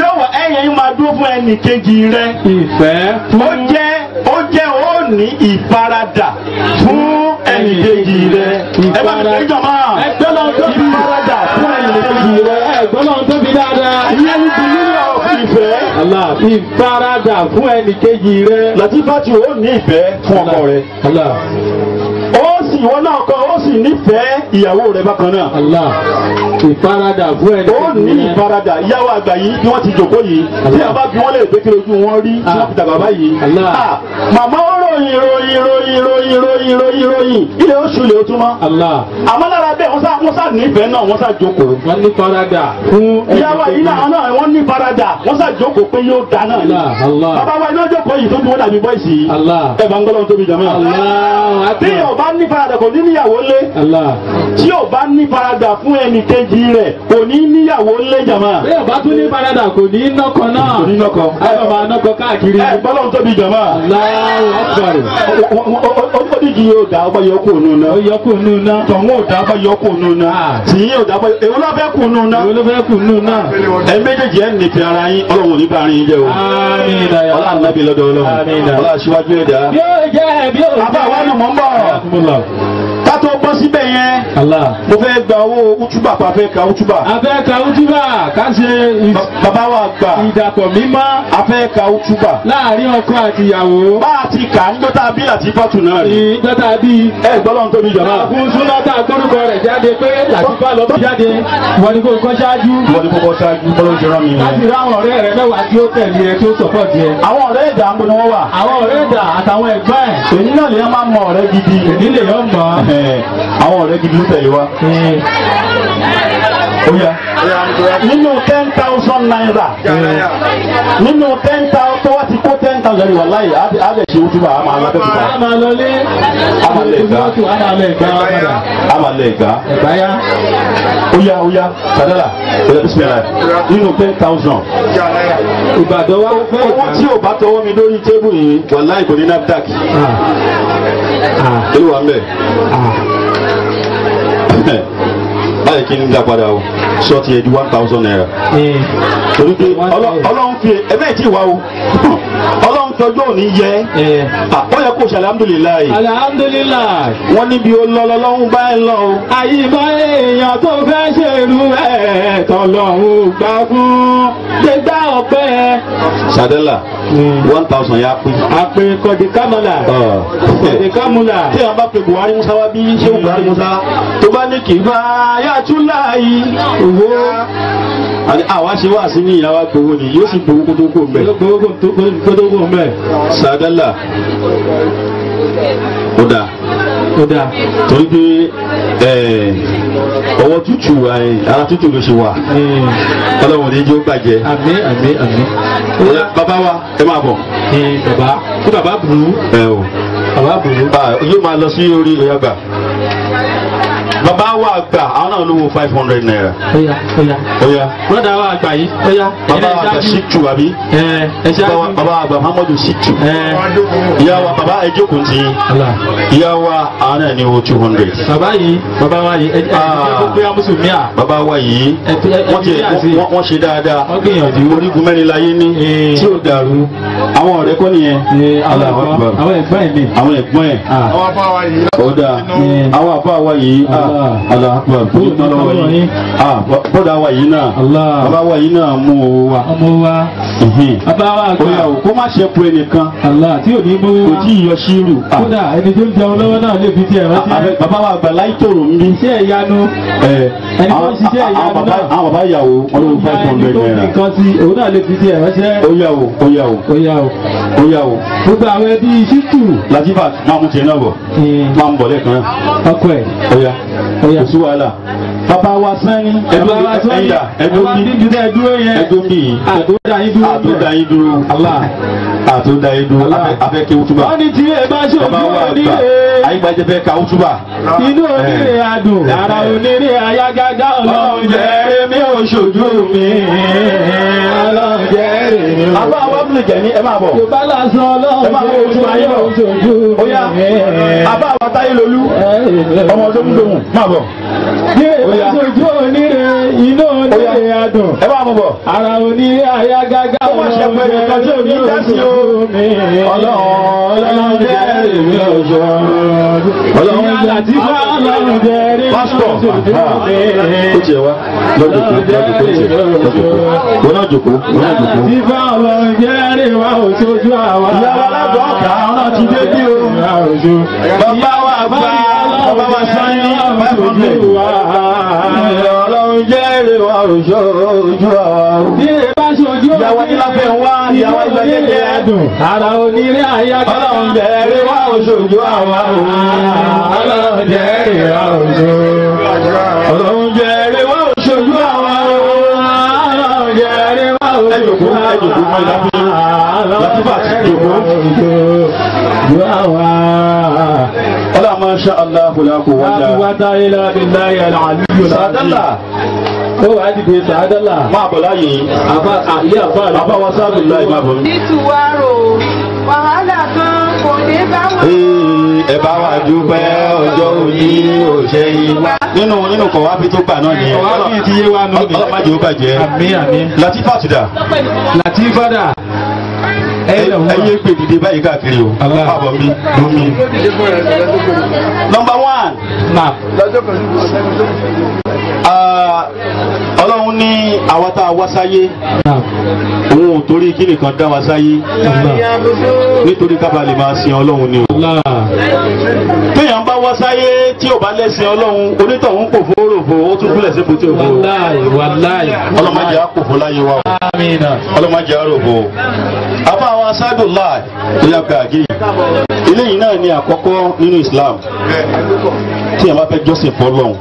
yóò wọ ẹyẹ yìí máa dúró fún ẹnì kejì rẹ ìfẹ́ fún ó jẹ́ ó jẹ́ ó ní ìfaradà fún ẹnì kejì rẹ ẹ bá mi pè é jọmọ ìfaradà fún ẹnì kejì rẹ ẹ gbọ́dọ̀ tó fi dáadáa ìyẹn ní bìlíọ̀ ìfẹ́. Allah ìfaradà fún ẹnì kejì rẹ. Làtífà tí ó ní ìfẹ́ fún ọkọ rẹ. Allah ó sì wọ́n náà kọ́ ó sì nífẹ̀ẹ́ ìyàwó rẹ̀ bákan náà. Allah ìfaradà fún ẹni. ó ní ìfaradà ìyàwó àgbà yìí bí wọ́n ti jòkó yìí tí a bá fi wọ́n lè gbé ojú wọn rí tí wọ́n fi dàgbà báyìí. Ah, màmá ó ròyìn ròyìn ròyìn ròyìn ròyìn ròyìn ròyìn ilé oṣù lè tún mọ́. àmọ́ lára bẹ́ẹ̀ wọ́n sá wọ́n sá nífẹ̀ẹ́ náà wọ́n sá jòkó. wọ́n ní faradà fún ẹni. ìyàwó bá ní faradà kò ní níyàwó lé tí ò bá ní faradà fún ẹnì kejì rẹ̀ kò ní níyàwó lé jàmá. bí ò bá tún ní faradà kò ní nọkọ náà kò ní nọkọ ẹ bá máa nọkọ káàkiri. ẹ bọ́lá ń tóbi jàmá. ó dídì yóò dá ọba yọkù ònú náà. ó yọkù ònú náà. tọ̀hún ò dá ọba yọkù ònú náà. Ah. tì yín ò dá ọba èwo ló fẹ́ kù ònú náà. èwo ló fẹ́ kù ònú náà. ẹ méjèèjì ẹ nìfẹ́ ara yín ọlọ́run ò ní bá ara yín jẹ́ o. ọlá ànábì lọ́dọ̀ ọlọ́run ọlá aṣíwájú ẹ̀dá. bí o, jẹ́ bí o, jẹ́. bàbá wa nù mọ́ ń bọ̀. Bismillah. ká tó bọ́ síbẹ̀ yẹn mo fẹ́ gba owó utuba pa ka utuba. a fẹ́ ka utuba ká ṣe. bàbá wa gbà ìdàpọ̀ mímọ́. a fẹ́ ka utuba. láàrin ọkọ àti ìyàwó. bá a ti kà ń dọ́ta bí àti bọ́tù náà rí. dọ́ta bí. ẹ gbọ́dọ̀ ń tóbi jọba. àfún súnlọ́tà gbórúkọ rẹ̀ jáde pé làtúbà lọ́ọ́ fi jáde. wọ́n ní kò kọ́ ṣáájú. wọ́n ní kò kọ́ ṣáájú bọ́lá ojú rán mi. láti rí àwọn ọ̀rẹ́ rẹ mẹ́wàá tí ó Eh, àwọn ọ̀rẹ́ gidi ló tẹ̀lé wa. Eh. nínú ten thousand naira eh. nínú ten thousand tó wá ti kó ten thousand naira láyé á lè ṣe ojúbà á máa lábẹ́ tuntun. a máa lọ lé a máa lè gbá a máa lè gbá a máa lè gbá. ẹ̀gbá yá. sadala ó yá bisimilayi nínú ten thousand. ìbàdàn wa fẹ́ẹ̀. owó tí o bá tọwọ́ mi lórí tébù yìí wàláì kò ní nafdac. Ah. Ah kí ló wà ń bẹ̀ báyìí kí n dá padà o sọ́ọ̀tì ẹ̀ di one thousand naira torí pé ọlọ́run fi ẹ̀ bẹ́ẹ̀ tí wà o ọlọ́run tọjọ́ òní yẹ eh. ah, ó yẹ kó ṣe alihamudulilayi. alihamudulilayi. wọ́n níbi olọ́lọ́lọ́hún bá ẹ lọ o. àyíká èèyàn tó fẹ́ ṣèrú ẹ̀ tọ́lọ́hún gbà fún gbégbá ọ̀pẹ. sadela hmm. one thousand ya pin. àpè kọ̀dìkámọ́là. Ah. kọ̀dìkámọ́là. tí a bá pe Buhari Musa wa bí Sehu Buhari Musa hmm. tó bá ní kì í bá yàtúláyì àwa ṣe wá sí ní ìyàwó gbowó ni yóò sì gbowó kótó kó mbẹ. kótó kó mbẹ. sàdálà ó dà. ó dà. torí pé ọwọ́ tútù ara tútù ló ṣe wà. Hmm. ọlọ́run ní jẹ́ ó bàjẹ́. àmín àmín àmín. bàbá wa ẹ máa bọ̀. bàbá kí bàbá bùrú. bàbá bùrú. yóò máa lọ sí orí ìyàgbà bàbá wa àgbà àwọn náà lówó five hundred naira. oya oya oya. broda wa àgbà yìí. oya Baba wa àgbà Situ àbí. ẹ ẹ ṣe àgbà. wa àgbà Muhammadu Situ. ẹ Yawa baba bàbá ẹ jókòó ti. ìyá àwọn náà ní owó two hundred. Baba yìí bàbá wa yìí ẹ ẹ ẹ ah. gbé amúsùnmí à. bàbá wa yìí wọ́n ti wọ́n ṣe dáadáa. wọ́n gbìyànjú. orígun mẹ́rin láyé ní. tí ò dàrú. àwọn ọ̀rẹ́ kọ́ nìyẹn. àwọn ẹ̀gbọ́n ẹ̀ mi. àwọn ẹ̀gbọ́n ẹ̀. Ah. àwọn àbá wa yìí. ó dáa àwọn àbá wa yìí alahakuba tóbi tó lọ́wọ́ yìí bọ́dà ah, wa yìí náà bàbá wa yìí náà mú owó wa. ọmọ wa bàbá wa kan. oya o kó má ṣe ku ẹnìkan. tí ò ní mú wa kò tí ì yọ síru. Ah. kódà ẹni tó ń jẹun lọ́wọ́ náà lè fi tiẹ̀ rántí. bàbá wa gbà láì tòrò ń bí. iṣẹ́ ìyanu ẹni tó ń ṣiṣẹ́ ìyanu náà. àwọn bàbá ìyàwó wọn ló fẹ́ tán bẹ́ẹ̀ náà. ẹni tó ń fi òun náà lè fi tiẹ̀ ránṣẹ́. oya o oya o oya o oya o. gbogbo àwọn ẹbí ṣítù. làjíbà máa mú tiẹ̀ náà bọ̀ máa ń bọ̀ lẹ́ẹ̀kan náà. ọkọ ẹ̀. oya kò sí wàhálà. bàbá wa sani. ẹdun bi ẹyà ẹdun bi ẹdun bi àtúndà yín dúró. àtúndà yín dúró. ala àtúndà yín dúró. afẹ kí wutuba. wọ́n ní tí e bá ṣe ojú oníre. àyígbàjẹ fẹ́ ka wutuba. inú eh. oníre adùn. Eh. ara oníre ayágágá ọlọ́run jẹ́ èmi ò ṣojú mi. ọlọ́run jẹ́ èmi ò ṣojú mi sì jẹ̀mí ẹ máa bọ̀. yorùbá lásán ọlọ́run ẹ máa bọ̀ ojú ayé lọ. oya, yá àbá àwọn táyé lolú ọmọ tó ń dohùn máa bọ̀. oya, oya, oníre iná oníre adùn. ẹ máa bọ̀. ara oníre àyà gágá ọmọ ṣẹ̀fẹ̀ nìkan tí ò ní dásí o. ọlọ́run ọlọ́run jẹ́ èmi ọ̀ṣọ́. ọlọ́run jẹ́ àtìfá ọlọ́run jẹ́ rí pásítọ̀ ah. ó tiẹ̀ wá lọ́dọ̀kọ̀ lọ́dọ̀kọ̀ ó tiẹ̀ lọ́dọ̀kọ̀ ó náà jòkó ó náà jòkó. àtìfá ọlọ́run jẹ́ arẹwà òṣojú àwa. ìyàwó alábọ̀ ọ̀gá ọ̀nà ti dé bí o. bàbá wa gbà bàbá wa sáyẹn bàbá wa. ọlọ́run jẹ́ arẹwà òṣojú àwa ìyàwó ìlàfẹ́ wá ìyàwó ìlàjẹ́jẹ́ ẹ̀dùn. ara onílé àyà kan. ọlọ́run bẹ̀rẹ̀ wá òṣòjú àwa o. ọlọ́run jẹ́ ìrà òṣòjú. ọlọ́run jẹ́ ẹjòkó ẹjòkó mọ ìdáfẹ latifa ti jòkó. ọlá máa ń ṣe aláhùlá kò wájà. àbúwátá ilá ilá yàrá àlùyò náà. sàdálà ó wàá dìde sàdálà. máa bọ̀ láyé. àbá àyè àbá àbá wa sábà láì máa bọ̀ wàhálà wa. ẹ bá wa dúpẹ́ ọjọ́ òní ò ṣe yí wá. nínú nínú kọ̀ wá bí tó gbà náà nìyẹn. ọlọ́run ti yé wa nù. ọlọ́run ó bàjẹ́. àmín àmín. Latifat dà. Latifat dà ẹyẹ pè dìde báyìí káàkiri o àbọ̀ mi lómi. nọmba one. ọlọ́run ní àwa tá a wá sáyé òun ò torí kí nìkan dá wa sáyé nítorí kábàá lè máa sin ọlọ́run ni o. téèyàn bá wá sáyé tí ò bá lẹ́sìn ọlọ́run onítọ̀hún kò fóròfò ó tún kúlẹ̀ sí kùtì òfò. ọlọ́mọdé á kò fó láyé wa o ọlọ́mọdé á rògbò asadullah tó yà pé àgé yìí eléyìí náà ni àkọ́kọ́ nínú Islam tí yẹn bá fẹ́ jọ́sìn fọlọ́hún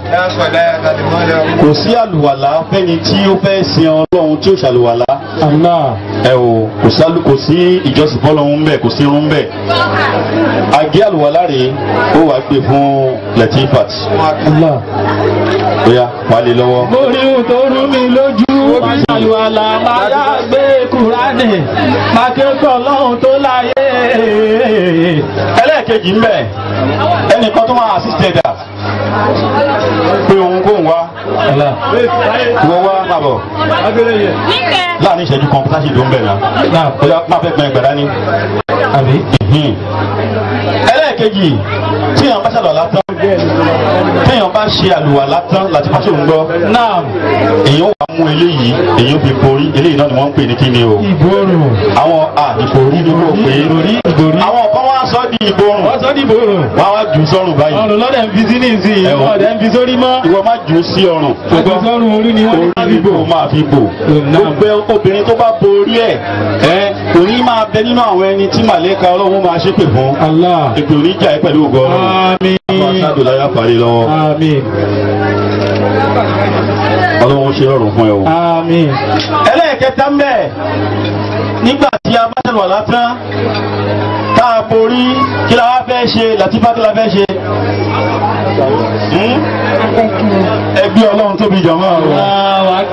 kò sí àlùwàlá fẹ́ni tí ó fẹ́ sin Ọlọ́hun tí ó ṣàlùwàlá ẹ o kò sálù kò sí ìjọsìn fọlọ́hún bẹ́ẹ̀ kò sí irun bẹ́ẹ̀ àgé àlùwalá rèé ó wàá gbé fún latifat bóyá wàá lè lọ́wọ́. mo òtòrú mi lójú àlùwalá padà gbé kúránì mákẹ́kọ̀ọ́ lọ́hùn tó láyé. ẹlẹ́ẹ̀kejì ń bẹ̀ ẹnìkan tó máa assist ẹ̀dá pé òun kò ń wá ìwọ wá máa bọ̀ láàrin ìṣẹ́jú kan pátá sì dùn bẹ̀ náà bóyá máa fẹ́ gbẹ̀rẹ̀ gbẹ̀rẹ̀ ni. ẹlẹ́ẹ̀kejì tí àwọn bá ṣàlọ́ látọ́ téèyàn bá ṣe àlùwàlá tán láti pàṣẹ òun gbọ́ náà èèyàn wà mú eléyìí èèyàn fi borí eléyìí náà ni wọ́n ń pè ní kíni o. ìborùn. àwọn a ni wọ́n pè é. ìborí àwọn kan wá sọ di ìborùn. wọ́n sọ di ìborùn. wá wá jù sọ́rùn báyìí. ọrùn lọ́dẹ̀ ń fi sí ní ìsìn ọ̀dẹ̀ ń fi sórí mọ́. ìwọ má jù sí ọrùn. àti orí ni wọ́n fi bò. orí ni máa fi bò. gbogbo obìnrin tó bá borí ẹ̀ ẹ́ òní máa bẹ nínú àwọn ẹni tí màlẹ́ka ọlọ́run máa ṣépè fún. Allah èpè oníjà ẹ pẹ̀lú ògo ọlọ́run àwọn aṣáájú láyé àpárí lọ́wọ́. ọlọ́run ṣe rọrùn fún ẹ o. ẹlẹ́ẹ̀kẹta ń bẹ̀ nígbà tí a bá tẹ̀wà látán tá a borí kí la wá fẹ́ ṣe làtífà kí la fẹ́ ṣe. Hmm? ẹbí ọlọ́run tóbi jọ máa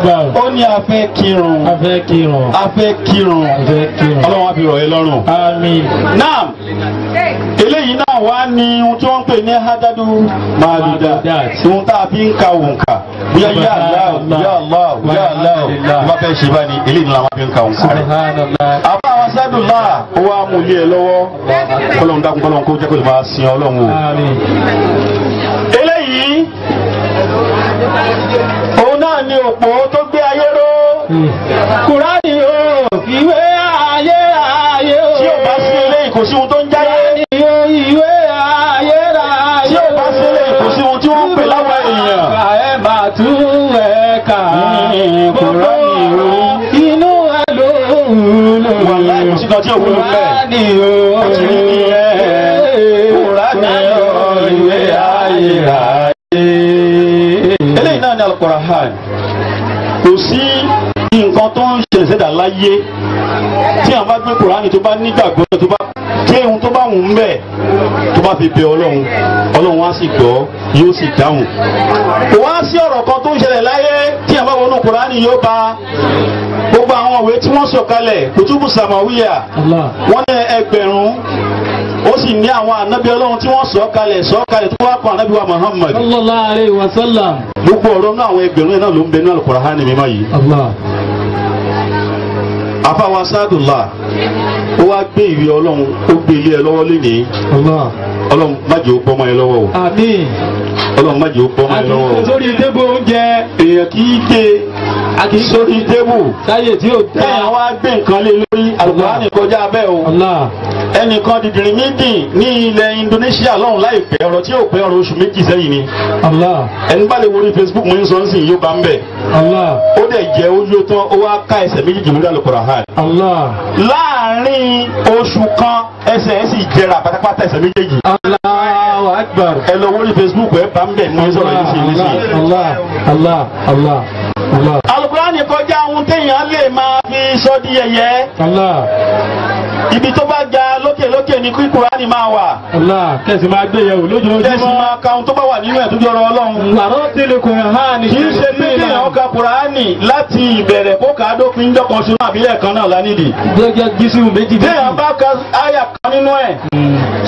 rọ ó ní a fẹ́ kírun a fẹ́ kírun a fẹ́ kírun ọlọ́run á fi rọ̀ ẹ́ lọ́rùn. àmín. náà eléyìí náà wá ní ohun tí wọ́n ń pè ní hadadu mahaduda ohun tá a fi ń ka òǹkà bóyá yá aláwọ̀ yá aláwọ̀ yá aláwọ̀ bá fẹ́ ṣe báyìí eléyìí náà wọ́n fi ń ka òǹkà rẹ̀. àbá àwọn sádùlá ó wá mú ilé ẹ lọ́wọ́ kọ́lọ́n dákun kọ́lọ́n kó jẹ́ kó lè máa sin ọlọ́run o eléyìí òun náà ni òpó tó gbé ayé ró hmm. kùránì o ìwé ayé ayé o tí ò bá sí eléyìí kò sí ohun tó ń jáyé ìwé ayé ayé o tí ò bá sí eléyìí kò sí ohun tí wọ́n ń pè láwọn èèyàn. ẹ bá tún ẹ hmm, o inú ẹ ló ń lò kọ́rahàn kò sí nǹkan tó ń ṣẹlẹ̀ sẹ́dà láyé tí àwọn bá gbé kùránì tó bá nígbàgbọ́ tó bá ké ohun tó bá wù ú mbẹ̀ tó bá fi bẹ ọlọ́run ọlọ́run á sì gbọ́ yóò sì dáhùn. kò wá sí ọ̀rọ̀ kan tó ń ṣẹlẹ̀ láyé tí àwọn wọnú kùránì yóò bá gbogbo àwọn òwe tí wọ́n sọ̀kalẹ̀ kùtùbù sàmàwíyà wọ́n ní ẹgbẹ̀rún ó si ní àwọn ànábì ọlọ́run tí wọ́n sọ kalẹ̀ sọ kalẹ̀ tó wá kọ́ ànábì wa Muhammad. sallallahu alayhi wa sallam. gbogbo ọ̀rọ̀ náà àwọn ẹgbẹ̀rún náà ló ń bẹ ha Al-Qur'ani mímọ́ yìí. afa wa sadula ó wá gbé ìwé ọlọ́run ó gbé ilé ẹ lọ́wọ́ lénìí ọlọ́run má o. ọlọ́run má jẹ́ ó bọ́ mọ́ lọ́wọ́. àti sórí tébù oúnjẹ. èèyàn kì í dé a sórí tébù. táyé tí ó tẹ. bẹ́ẹ̀ wá gbé nǹkan lé lórí àlùkùránì kọjá bẹ́ẹ̀ o. ẹnìkan dìdìrín mídìn ní ilẹ̀ Indonesia lọ́hùn láìpẹ́ ọ̀rọ̀ tí yóò pẹ́ ọ̀rọ̀ oṣù méjì sẹ́yìn ni. ẹni bá lè wọlé Facebook mo ń sọ ń yóò bá ń bẹ̀. ó dẹ̀ jẹ́ ojú tán ó wá ká ẹsẹ̀ méjì jùlọ lálùkùránì. láà láàrin oṣù kan ẹsẹ̀ ẹ̀ sì jẹrà pátápátá ẹsẹ̀ méjèèjì. Allahu Akbar. ẹ lọ wọlé Facebook ẹ bá ń bẹ̀ ní sọ̀rọ̀ yìí sí ní sí. Allah Allah Allah Allah. Al-Qur'ani kọjá ohun téèyàn lè máa fi sọ di yẹ̀yẹ́. Allah ibi tó bá ga lókè lókè ni kí Kùránì máa wà. kẹsì máa gbé yẹ̀wò lójoojúmọ́. kẹsì máa ka ohun tó bá wà nínú ẹ̀ tó jọrọ Ọlọ́run. làrọ́ tẹ̀lé Kùránì. kì í ṣe pé kí èèyàn ka Kùránì láti ìbẹ̀rẹ̀ kó kà dópin jọkọ̀ ṣe àbílẹ̀ kan náà lánìdì. gbẹ́gẹ́ gísí méjì. bí èèyàn bá ka àyà kan nínú ẹ̀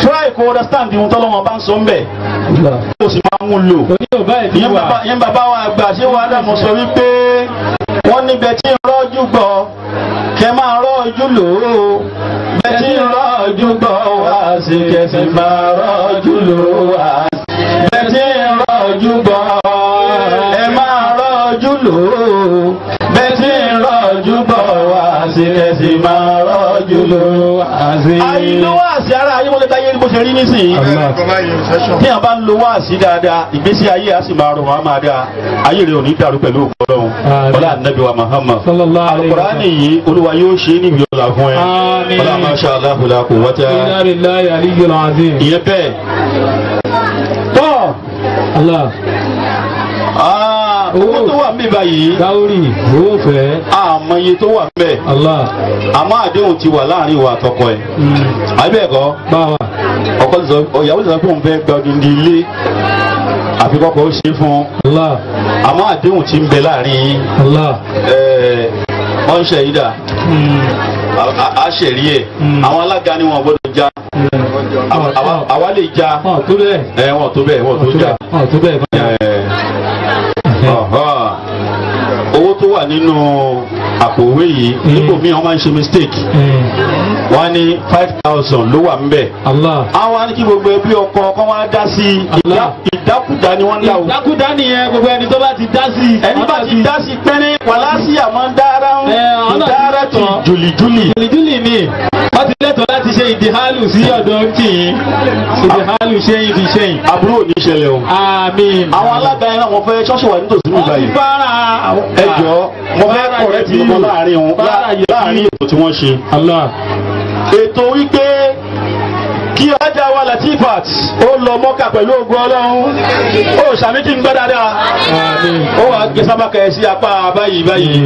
try hmm. kó understand ohun tọ́lọ́wọ́n bá ń sọ ń bẹ̀. kó o sì máa ń lò wọ́n ní bẹ̀tí rọ́jú gbọ́ kẹ máa rọ́jú lò ó bẹ̀tí rọ́jú gbọ́ wá sí kẹsì máa rọ́jú lò ó wá sí bẹ̀tí rọ́jú gbọ́ ẹ máa rọ́jú lò ó tilẹ̀ sì máa rọ́jú ló àṣì. ayé ló wáàsí ara ayé wọlé táyé bó ṣe rí nísìnyí. tí a bá ń lo wáàsí dáadáa ìgbésí ayé a sì máa rọ̀ wá máa dáa ayé rẹ̀ ò ní dàrú pẹ̀lú òkú ọlọ́run ọlá ànábì wa Muhammad alukurani yìí olúwa yóò ṣe é níbi ọ̀la fún ẹ ọlá masha Allah la quwwata. ìyẹn bẹ́ẹ̀. tọ́ owó tó wà níbà yìí. káórì owó fẹ́. àmọye tó wà níbẹ̀. Allah. àmọ́ àdéhùn ti wà láàrin ìwà àtọkọ hmm. ẹ̀. àbẹ̀kọ́. báwa. ọkọ ti sọ ìyàwó ti sọ pé òun fẹ́ gba odindi ilé àfikọ́kọ́ ó ṣe fún. Allah. àmọ́ àdéhùn ti ń bẹ láàrin yín. Allah. ẹ̀ẹ́ wọ́n ń ṣe yí dà hmm. a ṣẹ̀rí ẹ̀ hmm. àwọn alága ni wọn gbọ́dọ̀ já àwa lè já wọn tó bẹ́ẹ̀ wọn tó bẹ́ẹ̀ wọn tó já owó tó wà nínú àpòwé yìí hmm. nípò míì wọ́n máa ń ṣe mistake hmm. wọ́n ní five thousand ló wà ńbẹ̀ àwọn á ní kí gbogbo ẹbí ọkọ kọ́ wá dá sí i ìdákùdá ni wọ́n dá o. ìdákùdá nìyẹn gbogbo ẹni tó bá ti dá sí i. ẹni bá ti dá sí i pẹ́ẹ́rẹ́ wàlásì àmọ́ dára ń eh, dára ti jùlìjùlì. jùlìjùlì ni wọ́n ti lẹ́tọ̀ọ́ láti ṣe ìdíhálù sí ọ̀dọ̀ tìyín ìdíhálù ṣẹ́yìn fi ṣẹ́yìn. àbúrò ò ní ṣẹlẹ̀ o. àwọn alága ẹran wọn fẹ́ ṣọ́ọ̀ṣì wà nítòsí nígbà yìí. bára ẹ jọ fẹ́ kọ̀rẹ́ ti láàrin wọn láàrin ètò tí wọ́n ṣe. ètò wípé kí ọjà wa latifat ó lọ mọ́kà pẹ̀lú ogun ọlọ́run ó sàmì kí n gbọ́ dáadáa ó wà gbé sábàkà ẹ̀ sí apá báyìí báyìí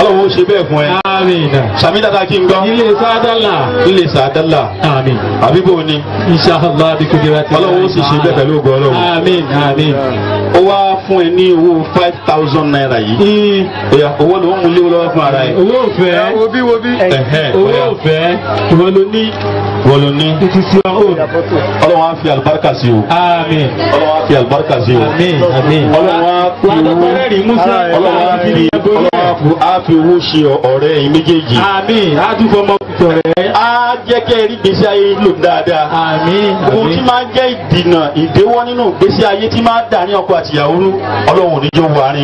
ọlọ́run ó ṣe bẹ́ẹ̀ fún ẹ sàmì dáadáa kí n gbọ́. ilé sàdálà. ilé sàdálà. àmín. àbíbò ni. inṣàlá bí kò ọlọ́run ó sì ṣe bẹ́ẹ̀ pẹ̀lú ogun ọlọ́run ó wá fún ẹ ní owó five thousand naira yìí oya hmm. owó ló ń mú léwu lọ́wọ́ fún ara yìí. owó òfẹ́ wobi wobi owó òfẹ́ ìwọ ló ní ìwọ ló ní. títí sí ọ o. ọlọ́wọ́n á fi àlùbáríkà sí o. àmín. ọlọ́wọ́n á fi àlùbáríkà sí o. àmín àmín. ọlọ́wọ́n á fi owó ọlọ́wọ́n á fi ọlọ́wọ́n á fi owó ṣe ọ̀rẹ́ yìí méjèèjì. àmín á tún fọmọ tọ̀rẹ́. á jẹ́ kẹ́ ẹ rí gbèsè ayé lò dáadáa. àmín àmín. ohun tí máa ń jẹ́ ìdènà ìdéwọ́ nínú gbèsè ayé tí máa ń dà ní ọkọ̀ àti àtìyàwó ọlọ́run oníjó wà ní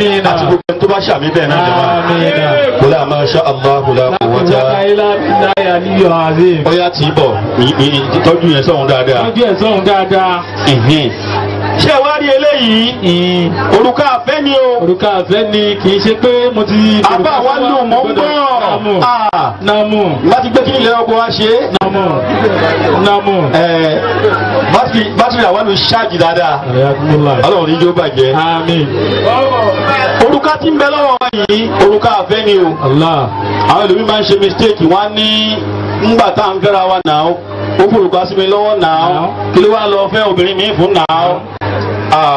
yìí àti gbogbo ẹni tó bá ṣàmì bẹ́ẹ̀ náà jọba kó láà máa ṣá aláhùn láàbò wájà ọyá tì bọ̀ tọ́jú yẹn sọ̀hún dáadáa. ṣé wàá rí eléyìí òrùka àfẹ́ ni o. òrùka àfẹ́ ni kì í ṣe pé mo ti. àbá wa lù mọ́ láti gbé kí ilẹ̀ ọgbọ́n wa ṣe. bátìrì àwọn ló dáadáa ọlọ́run ní jó bàjẹ́. òrùka ti ń bẹ lọ́wọ́ yìí òrùka àfẹ́ ni o àwọn èlòmí máa ń ṣe mistake wọ́n ní ńgbà tá à ń fẹ́ra wa nà ó ó fòrùka sí mi lọ́wọ́ nà ó kí ló lọ fẹ́ obìnrin mi fún nà ó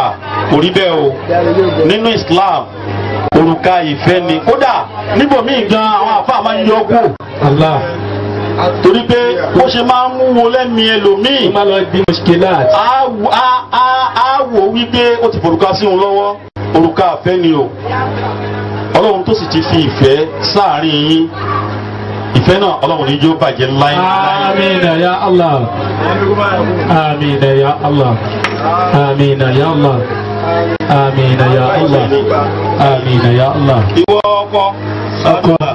kò rí o nínú Islam òrùka ìfẹ́ ni kódà níbòmíì gan àwọn àfa máa ń yọ kú. torí pé bó ṣe máa ń mú wo lẹ́mìí ẹlòmíì á wò wípé ó ti fòrùka sí òun lọ́wọ́ òrùka àfẹ́ ni o ọlọ́run tó sì ti fi ìfẹ́ sáàárín yín ìfẹ́ náà ọlọ́run ní bàjẹ́ láì. amina ya allah amina ya allah amina ya allah amina ya allah amina ya allah. ìwọ ọkọ ọkọ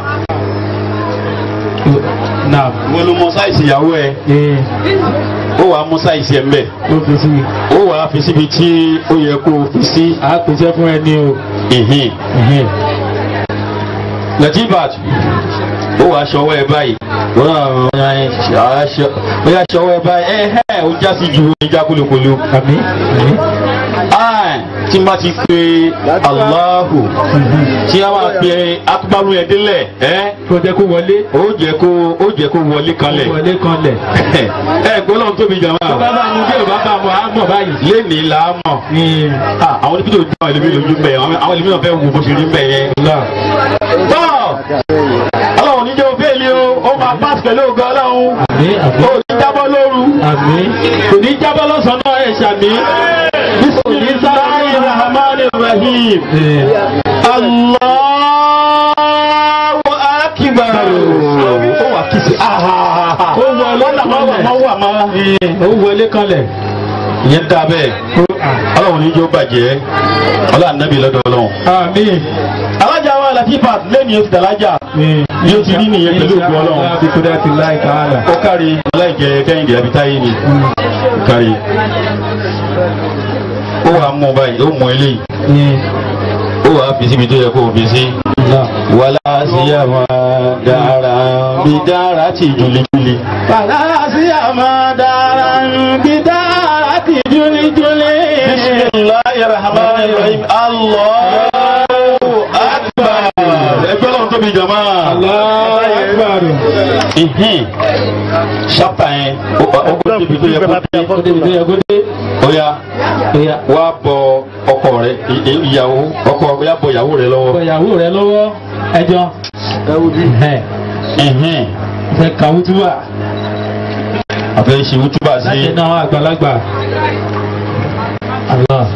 ìwọ ló mọ sáìsì ìyàwó ẹ ó wàá mú sáìsì ẹ mbẹ ó wàá fi síbi tí ó yẹ kó o fi sí. a kò jẹ́ fún ẹ ní o. latibat ó wàá ṣọwọ́ ẹ báyìí wọ́n á ṣọwọ́ ẹ báyìí ẹ ẹ́ o já sí ju ìjà kúlùkùlù. àmín àmín tí n bá ti pe Allahu tí a máa pe akubaru yẹn délẹ̀ ẹ́. kò jẹ́ kó wọlé. ó jẹ́ kó ó jẹ́ kó wọlé kanlẹ̀. wọlé kanlẹ̀. ẹ gbọ́dọ̀ tóbi jàmbá. tó bá bá ní bí o bá bá mọ̀ á mọ̀ báyìí. lénìí là á mọ̀. àwọn oníbi tó dún àwọn ẹlòmíì lójú bẹ̀ àwọn ẹlòmíì náà fẹ́ wo bó ṣe rí bẹ̀ yẹn. tọ́ ọlọ́run níjẹ́ òfin èlé o ó máa pass pẹ̀lú ògo ọlọ́run. àmín àmín. kò ní jábọ́ lóru. àmín. kò ní jábọ́ lọ́sàn-án náà ẹ̀ ṣàmì. الرحيم الله أكبر ó wà kìsì ó wọ lọ́nà máa wà máa ó wọlé kanlẹ̀ ìyẹn dá bẹ́ẹ̀ ọlọ́run ní yóò bàjẹ́ ọlọ́run nàbí lọ́dọ̀ ọlọ́run. alájà wa latifa lẹ́nu yóò ti dàlájà yóò ti rí nìyẹn pẹ̀lú òkú ọlọ́run. ó kárí aláìjẹ kẹ́hìndé abitáyé ni ó mm ó wàá mú báyìí ó mú eléyìí ó wàá fi síbi tó yẹ kó o fi sí. wàlá sí àmà dára bí dára ti jùlíjùlí. wàlá sí àmà dára bí dára ti jùlíjùlí. bismillahir rahmanir rahim allah akbar ẹgbẹ́ lọ́run tóbi jama. allah ṣapa yẹn ọgọdẹ bi tó yẹ kó dé ó yá wá bọ ọkọ rẹ ìyàwó ọkọ yá bọ ìyàwó rẹ lọ́wọ́. bọ ìyàwó rẹ lọ́wọ́ ẹjọ́. ẹ kà wútúbà. àfẹ́ ṣe wútúbà sí. láti náà àgbàlagbà. Allah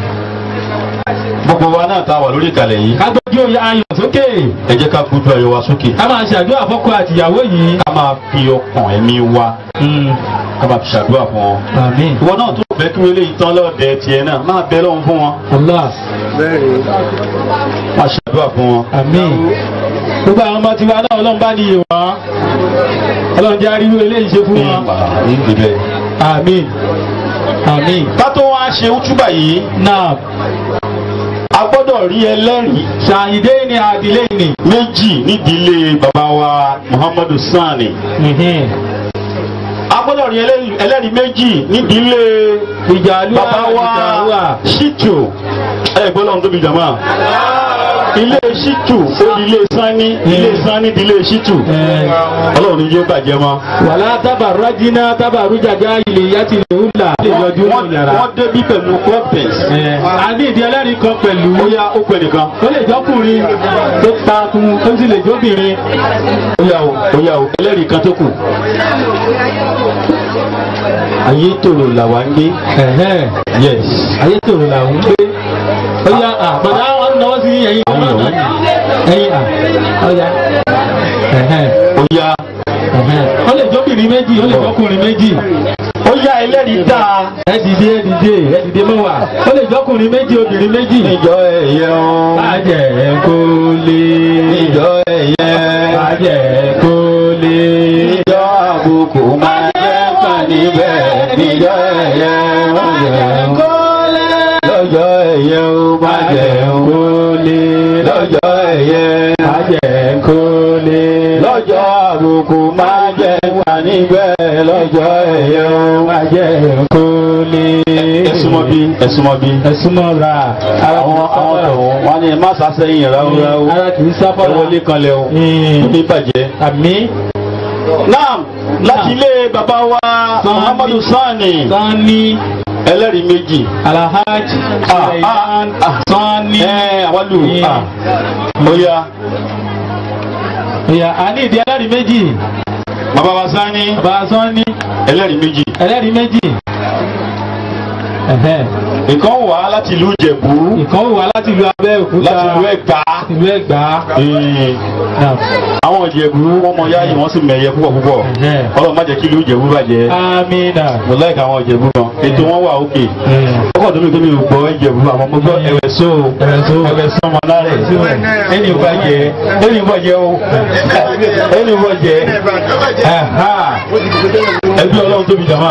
gbogbo wa náà ta wà lórí ìkàlẹ̀ yìí. ká gbójú oyè ayọ̀ sókè. ẹ jẹ́ ká gbójú ayọ̀ wa sókè. ká máa ṣàdúrà fọ́kọ àtìyàwó yìí. ká máa fi ọkàn ẹ̀mí wa. Hmm. ká máa fi ṣàdúrà fún wọn. ìwọ náà tó bẹ kí wọlé yìí tán lọ́ọ̀dẹ tiẹ̀ náà máa bẹ lọ́hùn fún wọn. Allah. máa ṣàdúrà fún wọn. gbogbo àwọn ọmọ tiwa náà bá ní ìwà ọlọ́run ká tó wá ṣe útúbà yìí. náà gbọ́dọ̀ rí ẹlẹ́rìí ṣàyídé ni àdílé ni méjì nídìílé bàbá wa Muhammadu Sani mhm. a gbọ́dọ̀ rí ẹlẹ́rìí méjì nídìílé bàbá wa Ṣítù ẹ̀ gbọ́dọ̀ ń tóbi jàmá ilé ṣítù ó di ilé sanni ilé sanni di ilé ṣítù ọlọ́run ni yóò bàjẹ́ mọ́. wàlá tábàrú ajiná tábàrú jàjà ilé ìyá ti lè hùlà lè yọjú ní yàrá. wọ́n débi pẹ̀lú confidence. a ní ìdí ẹlẹ́rìí kan pẹ̀lú. ó yá ó pẹ̀ nìkan. ó lè jọkùnrin tó takun tó sì lè jóbìnrin. ó yá o ó yá o ẹlẹ́rìí kan tó kù ayétòrò làwa ń gbé yes ayétòrò làwa ń gbé ọ̀yà à bàtà wọn náwó sí ẹ̀yìn kan náà ẹ̀yìn à ọ̀yà ọ̀yà ó lè jókìnrin méjì ó lè jọkùnrin méjì ó yá ẹlẹ́rìí dáa. ẹ dìde ẹ dìde ẹ dìde mọ́ wa. ó lè jọkùnrin méjì obìnrin méjì. ìjọ ẹ̀yẹ o. bàjẹ́ kò lè. ìjọ ẹ̀yẹ. bàjẹ́ lọ́jọ́ ẹ̀yẹ má jẹ́ kó lé lọ́jọ́ àbùkù má jẹ́ wà níbẹ̀ lọ́jọ́ ẹ̀yẹ má jẹ́ kó lé. ẹ̀sùnmọ́ bí ẹ̀sùnmọ́ bí. ẹ̀sùnmọ́ ra. àwọn àwọn ẹ̀wọ̀n wọn ni má sàṣẹyìn ráúráú. ara kì í sábà wọlé kan lẹ o. Hmm. mi bàjẹ́. àmì. naam láti ilé bàbá wa muhammadu sani. sani ẹlẹ́rìí méjì. alahaji ah, ah, suleiman ah, sani. ẹ awalu oya. oya a ní ìdí ẹlẹ́rìí méjì. bàbá wa sani. bàbá wa sani. ẹlẹ́rìí méjì. ẹlẹ́rìí méjì nǹkan wà láti ìlú Ìjẹ̀bú. nǹkan wà láti ìlú Abẹ́òkúta. láti ìlú Ẹ̀gbá. ìlú Ẹ̀gbá. àwọn Ìjẹ̀bú wọ́n mọ yáyì wọ́n sì mẹ̀yẹ púpọ̀ púpọ̀. Ọlọ́run má jẹ́ kí ìlú Ìjẹ̀bú bàjẹ́. àmín. mo láìka àwọn Ìjẹ̀bú gan ètò wọn wà òkè. Hmm. ọkọ̀ tó mi tó mi ò gbọ́ ẹ̀jẹ̀ bùbá àmọ́ mo gbọ́ ẹ̀wẹ̀só ẹ̀wẹ̀só ọmọ alárẹ̀ ẹni ìbàjẹ́ ẹni ìbàjẹ́ o ẹni ìbàjẹ́ ẹbí ọlọ́run tóbi jàmá.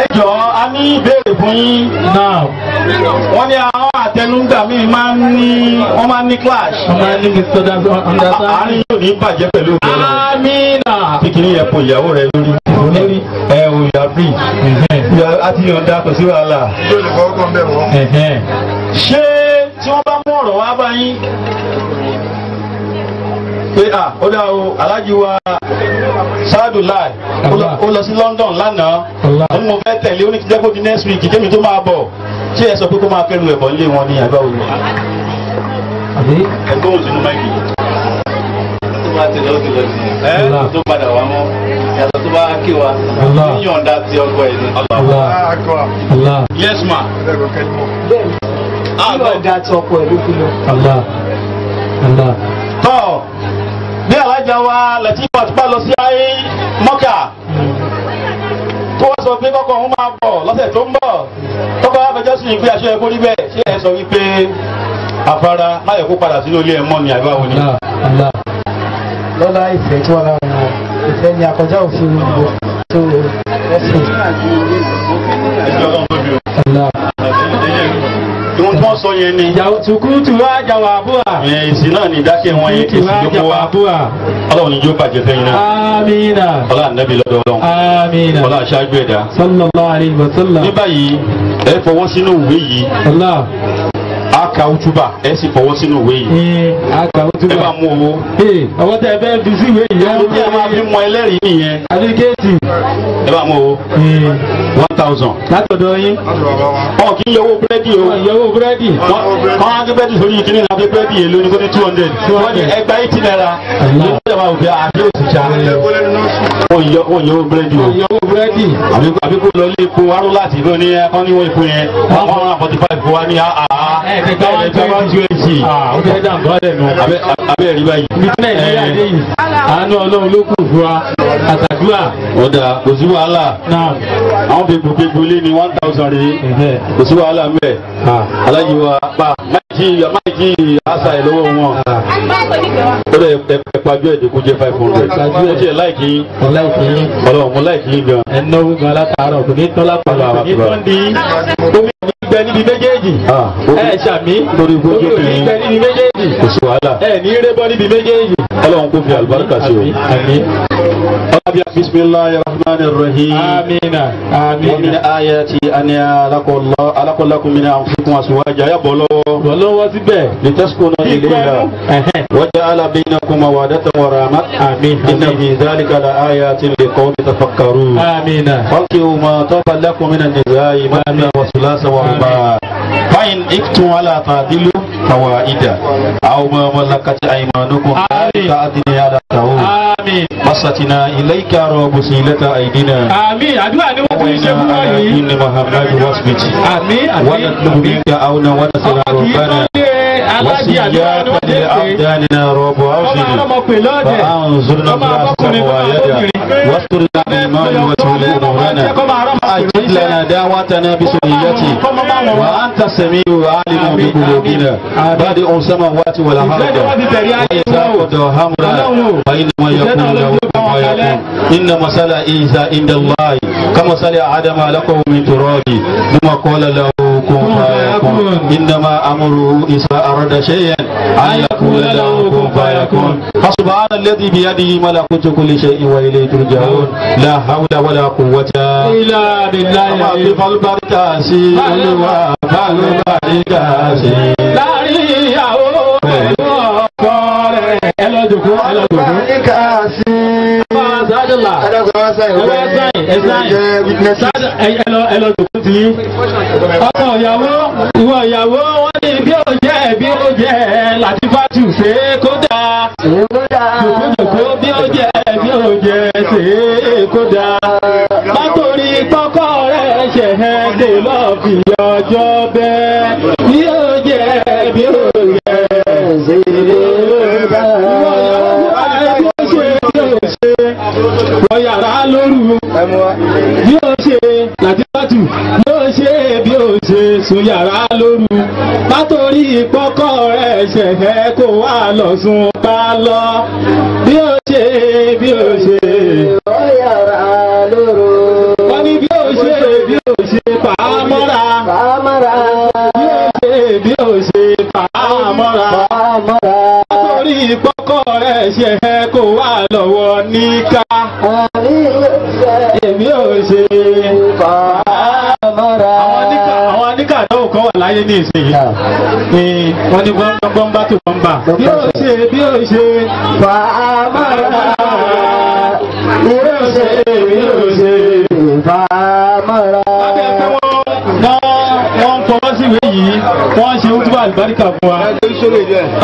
ẹ jọ a ní ìbéèrè fún yín náà wọ́n ní àwọn àtẹnugbà mi máa ń ní wọ́n máa ń ní clash. wọ́n máa ń ní mr dazan. àárín yóò ní bàjẹ́ pẹ̀lú òkè amina. kíkiri yẹ po ìyàwó rẹ lórí ní ẹ o yà free àti yọ̀ǹda kò sí wàhálà. ṣé tí wọ́n bá mú ọ̀rọ̀ wá bá yín pé à ó dá o alájí wa sáàdù láì ó lọ sí London lánàá òun mo fẹ́ tẹ̀lé ó ní kí jẹ́ kó di next week kémi tó máa bọ̀ ṣé ẹ sọ pé kó máa fẹ́ lu ẹ̀bọ̀ nílé wọn ní àgbáwo ni. ẹ̀gbọ́n òsínú máìkì bá lọ sí ẹ tó padà wá mọ́ yàtọ̀ tó bá kí wa tó yọ̀ǹda ti ọkọ ẹ̀ ni. yes ma. yọ̀ǹda ah, ti ọkọ ẹ̀ ló fi lọ. tọ́ ní alájà wa lẹ́tí pàtúpà lọ sí ayé mọ́kà kó wá sọ pé kọ́kọ́ òun máa bọ̀ lọ́sẹ̀ tó ń bọ̀ tọ́kọ́ afẹjọ́ sì ń pé aṣọ ẹ̀kọ́ níbẹ̀ ṣé ẹ sọ wípé afárá má kó padà sínú ilé ẹ̀ mọ́ ni àbí ni lọ́lá ìfẹ́ tí wọ́n lára wọn ìfẹ́ ni àkọjá òfin gbogbo tó ẹ̀sìn. Ìwọ̀n tí wọ́n sọ yẹn ni. Jàùtù kúrútù wá jàwà àbúrà. Ẹ̀sìn náà ni ìdákẹ́ wọn yẹn kìí sí gbogbo wa. Ọlọ́run ni yóò bàjẹ́ fẹ́yìn náà. Amina. Ọlá ànábì lọ́dọ̀ Ọlọ́run. Amina. Ọlá aṣáájú ẹ̀dá. Sallallahu alayhi wa sallam. Ní báyìí, ẹ fọwọ́ sínú ìwé yìí. Allah ka utuba ẹ sì fọwọ́ sínú ìwé yìí. a ka utuba ẹ bá mú owó. ọwọ́ tẹ ẹ fẹ́ fi sí ìwé yìí. ọwọ́ tẹ máa fi mọ ẹlẹ́rìí nìyẹn. àdìgẹ́tì. ẹ bá mú owó. one thousand. látọ̀dọ̀ yín. ọ kì í yọwọ́ búrẹ́dì o. yọwọ́ búrẹ́dì. wọ́n á gbé búrẹ́dì sórí yìí kí ni búrẹ́dì yẹn lónìí kó two hundred. wọ́n ní ẹgbàá eighty naira. Ah, lọ ilé epo arúgbó láti ìbọn ní ẹ̀kọ́ níwọ̀n epo yẹn. one hundred and forty five ẹni tó wá ju ju èjì ó fẹ́ dà nǹkan lẹ̀ nù abẹ́ ẹ̀rí báyìí. ìpínlẹ̀ nàìjíríà dé yìí àánú ọlọ́run ló kù fún wa àtàdúrà. ọ̀dà kò sí wàhálà àwọn bèbò bèbò lé ní one thousand rèé kò sí wàhálà mẹ́ aláyé wa pa máìkì àṣà ẹ̀ lọ́wọ́ wọn ó lè ẹ̀pàjọ ẹ̀dínkù jẹ́ five hundred ó tiẹ̀ láìkì yín ọlọ́run mo láìkì yín gan. ẹ̀ náwó gan látàárọ̀ kò ní tọ́lá pàlọ́ àwọn àbúrò. omi ò ní gbẹ níbi méjèèjì ẹ̀ ṣàbí àmín lórí gbogbo kìíní kò sí wàhálà ẹ ní rébọ níbi méjèèjì. Ọlọ́run kò fi àlùbáríkà sí o. àmín. ọlábíà bisimilahi rahman rahim. amiina amiina. wọ́n mi ní ayé ti ani alakọ̀lákùn mi ní àfikún àsùnwájà yà bọ̀ lọ́wọ́. bọ̀ lọ́wọ́ síbẹ̀. ní tẹ́síkò náà ilé yà. wájà alábìyìn náà kuma wà dẹ́tẹ̀ wà rahmat. amiin. iná mi zálika la ayé ti lè kọ́ mi ta fakkaru. amiina. wàkìwò ma tọ́fà lẹ́kùn mi náà nìyá yìí má mi wà sùlá وإن إكتم ولا تعدلوا فوائدا أو ما ملكت أيمانكم ذلك أدنى على تعود بسطنا إليك رب سيلة أيدينا آمين أدعو أن وقينا على دين محمد واسمك آمين ونطلب منك أونا ونسل ربنا وسياك لأبداننا رب أوزن فأنظرنا برأسك ويدا واستر لنا الماء وتولينا أجد لنا دعوتنا بسنيتي وأنت السميع العالم بقلوبنا بادئ السماوات والأرض وإذا قد أمرا فإنما يكون له ويكون إن مسألة إيزا عند الله كما سأل آدم لكم من تراب ثم قال له كن فيكون إنما أمره إذا أراد شيئا أن يقول له كن فيكون فسبحان الذي بيده ملكوت كل شيء وإليه ترجعون لا حول ولا قوة إلا بالله وما في فالبركاسي وما فالبركاسي لا إله إلا هو ẹlẹ́dùkú ẹlẹ́dùkú ọkọ ìyàwó ìwọ ìyàwó wọn ní bí ó jẹ bí ó jẹ láti fàtú ṣe kó jòkójòkó bí ó jẹ bí ó jẹ ṣe kó má torí kọ́kọ́ rẹ̀ ṣe é kó fi ọjọ́ bẹ́ẹ̀. wọ yàrá lóru bí ó ṣe làtìbátù yóò ṣe bí ó ṣe sùn yàrá lóru látòrí ìpọ́kọ́ rẹ̀ ṣẹ̀fẹ́ kó wá lọ sùn pa lọ bí ó ṣe bí ó ṣe wọ yàrá lóru wọ́n ní bí ó ṣe bí ó ṣe pàámọ́ra pàámọ́ra bí ó ṣe bí ó ṣe pàámọ́ra pàámọ́ra látòrí ìpọ́kọ́ rẹ̀ ṣẹ̀fẹ́ kó lọ́wọ́ níkà. èmi ò ṣe fàámọ́ra. àwọn níkà náà kọ́ wà láyé ní ìsinyìí. wọ́n ní bọ́ńbà tó bọ́ńbà. bí ó ṣe bí ó ṣe fàámọ́ra. bí ó ṣe bí ó ṣe fàámọ́ra. wọ́n ń fọwọ́ sí ìwé yìí wọ́n ń ṣe wútúbà àlùbáríkà fún wa.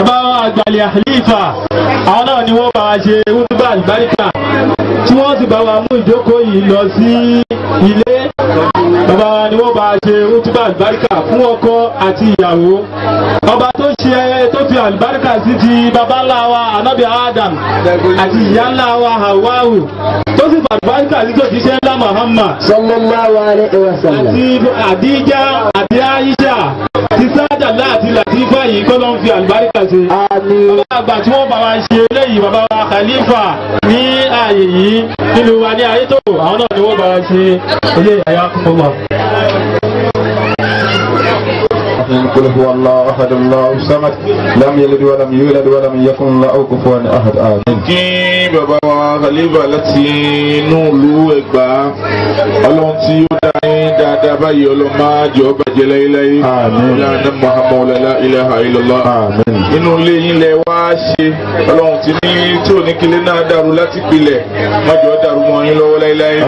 àbá àgbàlẹ̀ àlífà àwọn náà ni wọ́n bá ṣe wútúbà àlùbáríkà tí wọ́n sì bá wa mú ìjókòó yìí lọ sí ilé bàbá wa ni wọ́n bá ṣe rútúbà àlùbáríkà fún ọkọ àti ìyàwó ọba tó ṣe tó fi àlùbáríkà sí ti bàbá ńlá wa anábì Adam àti ìyá ńlá wa Hawahu tó sì fàlùbáríkà sí tòjíṣẹ́ ńlá Muhammad sallallahu alaihi wasallam àti Àdíjà àti Aisha ti sáájà láti làtífà yìí kọ́ ló ń fi àlùbáríkà ṣe. àmín. bàbá àgbà tí wọ́n bá wa ṣe eléyìí bàbá wa Khalifa ní ààyè yìí nínú wa ní ayé àwọn náà ni wọ́n bá wa ṣe eléyìí àyà fún wa. Deus. الرحيم قل هو الله أحد الله الصمد لم يلد ولم يولد ولم يكن له كفوا أحد آمين kí bàbá wa khalifa láti inú ìlú Ẹ̀gbá ọlọ́run tí ó dá ní dáadáa báyìí ọlọ́run máa jọ bàjẹ́ láyéláyé ìlànà muhammadu la ilaha illallah inú ilé yín lẹ wá ṣe ọlọ́run tí ní tí ò ní kílé náà dàrú láti pilẹ̀ májọ dàrú mọ́ yín lọ́wọ́ láyéláyé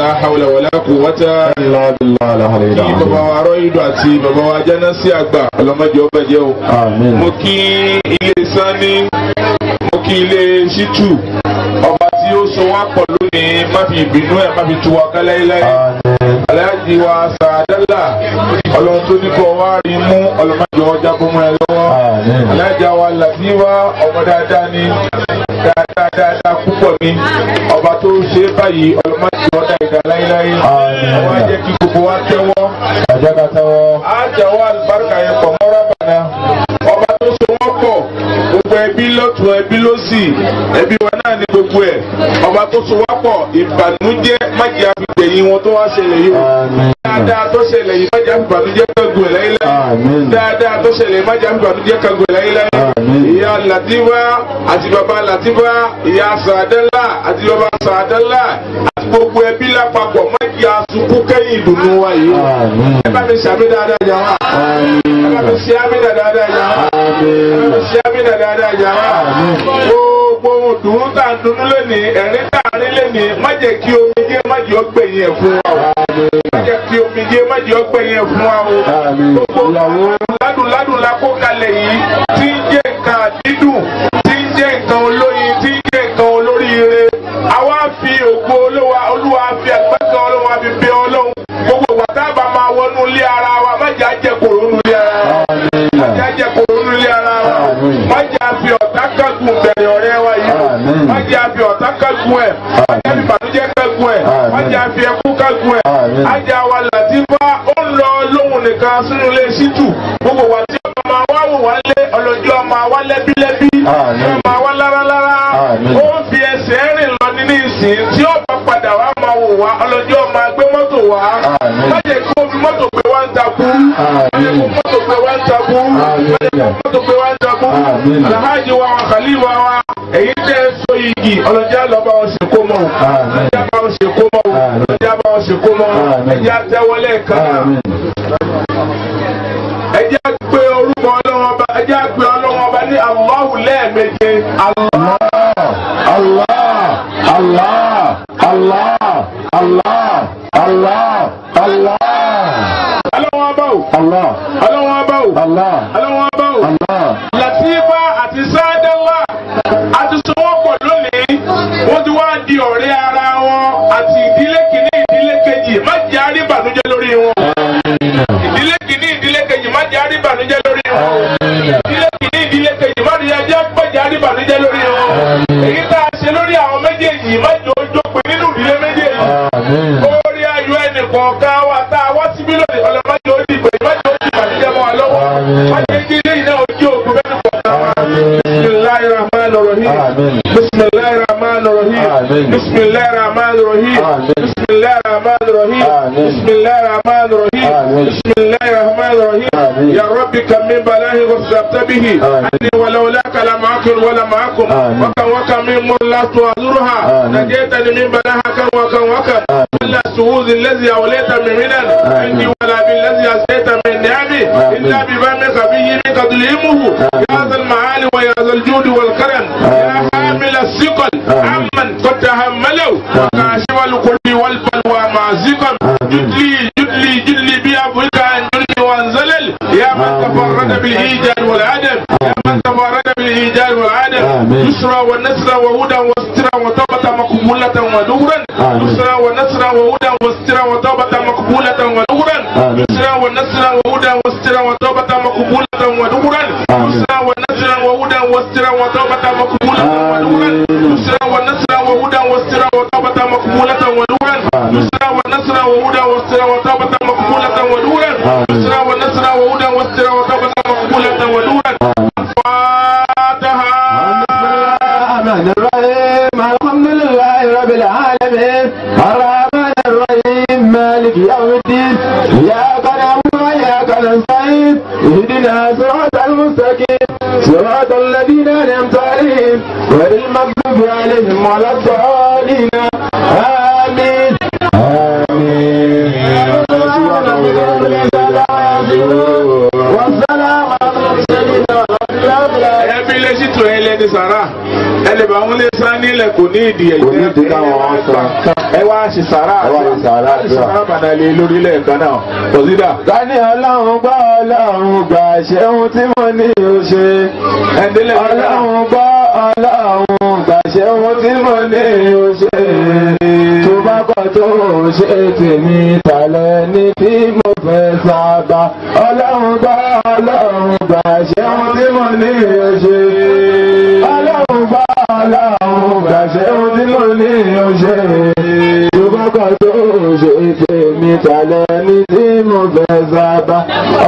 la hawla wala quwwata illa billah kí bàbá wa rọ́ ìdù àti bàbá wa já tẹ́ná sí àgbà ọlọ́mọdé ọba jẹ́ o. mo kí ilé sanni mo kí ilé ṣítù ọba tí ó so wá pọ̀ lónìí má fi ìbínú ẹ̀ má fi tu wa ká láéláé. aláàjì wa sàádọ́là ọlọ́run tó ní kọ́ wá rí mú ọlọ́mọdé ọjà kó mọ́ ẹ lọ́wọ́. aláàjà wa làtíwá ọmọ dáadáa ni dáadáa dáadáa púpọ̀ ni ọba tó ṣe é báyìí ọlọ́mọdé ọjà ìgbà láéláé. ọba jẹ́ kí gbogbo wa tẹ́wọ́. àjọ ká tẹ́wọ́. àjọ wa. ẹbí lọ́tún ẹbí lọ́sì ẹbí wa náà ní gbogbo ẹ̀ ọba tó so wá pọ̀ ìbànújẹ́ májèlé àfihàn yìí wọn tó wá ṣẹlẹ̀ yìí dáadáa tó ṣẹlẹ̀ yìí má jẹ́ àgbàdújẹ́ kan gùn ẹ̀lẹ́ ilẹ̀ dáadáa tó ṣẹlẹ̀ má jẹ́ àgbàdújẹ́ kan gùn ẹ̀lẹ́ ilẹ̀ ìyá latifa àti baba latifa ìyá sàdẹ́là àti baba sàdẹ́là àti gbogbo ẹbí lápapọ̀ má jẹ́ àsùnkú kẹ́yìn ìdùnnú wa yìí ẹ bá mi ṣàmì dáadáa jà wá ẹ bá mi ṣàmì dáadáa jà wá ẹ bá mi ṣàmì dáadáa jà wá dùn ún tà ń dunnú lónìí ẹ̀rín tà lónìí má jẹ́ kí omi jẹ́ má jẹ́ ọgbẹ̀yìn ẹ̀ fún wa o má jẹ́ kí omi jẹ́ má jẹ́ ọgbẹ̀yìn ẹ̀ fún wa o gbogbo ládùn ládùn la kalẹ̀ yìí tí ń jẹ́ nǹkan àdídùn tí ń jẹ́ nǹkan olóyin tí ń jẹ́ nǹkan olóríire àwa fi ògo olówó olúwa fi àgbàkan olówó àfi bẹ ọlọ́run gbogbo wàtábà máa wọnú ilé ara wa má jẹ́ àjẹkòrò kẹ́gun ẹ̀ wájà ìbànújẹ́ kẹ́gun ẹ̀ wájà fi ẹkú kẹ́gun ẹ̀ ajá wa làtífà ó ń gbogbo wa tí ọmọ máa wá wò wá lé ọlọ́jọ́ máa wá lẹ́bílẹ́bí máa wá lárálára fi ẹsẹ̀ rìn lọ nínú ìsìn tí ó padà wá máa wò wá ọlọ́jọ́ máa gbé mọ́tò wá wájà kó mọ́tò gbé wá ń takú kó mọ́tò gbé wá ń wọ́n tó pé wá ń dọ́gbọ́n alhaji wa wa khalil wa wa èyí tẹ́ ẹ so igi ọlọ́jà lọ́ba ọ̀sẹ̀ kó mọ́ ọlọ́jà bá ọ̀sẹ̀ kó mọ́ ọlọ́jà bá ọ̀sẹ̀ kó mọ́ ẹ̀jẹ̀ àtẹ́wọlé kan ẹ̀jẹ̀ àgbẹ̀ orúkọ ọlọ́wọ́n ọba ẹ̀jẹ̀ àgbẹ̀ ọlọ́wọ́n ọba ní Allahu lẹ́ẹ̀méje Allah Allah Allah Allah Allah Allah Allah. ọlọ́wọ́n ọba o ọlọ́wọ́n ọba o. بسم الله الرحمن الرحيم بسم الله الرحمن الرحيم بسم الله الرحمن الرحيم بسم الله الرحمن الرحيم يا ربي كم من بلاه غصبت به أني ولولاك لم أكن ولا معكم وكم وكم من ملات تؤذرها نجيتني من بلاها كم وكم وكم إلا السعود الذي أوليت من منا عندي ولا بالذي أزيت من نعمي إلا ببامك به من ظلمه يا ذا المعالي tava com kò ní ìdí ẹ̀jẹ̀ kò ní ìdí káwọn wọn sọ. ẹ wá ṣe sàrà àdúrà ẹ wá ṣe sàrà àdúrà sàrà bàdàlẹ lórí lẹ́ẹ̀kan náà kọsídà. gani ọlọ́run gbọ́ ọlọ́run gbà ṣéun tí mo ní o ṣe. ọlọ́run gbọ́ ọlọ́run gbà ṣéun tí mo ní o ṣe. tó bá kọ́ tó o ṣe tèmi tàlẹ́ ní tí mo fẹ́ sábà. ọlọ́run gbọ́ ọlọ́run gbà ṣéun tí mo ní o ṣe. ọlọ́run ní ọ̀ṣẹ́ tó bá kọ́ tó ṣe tèmi tàlẹ́ ní tí mo fẹ́ sábà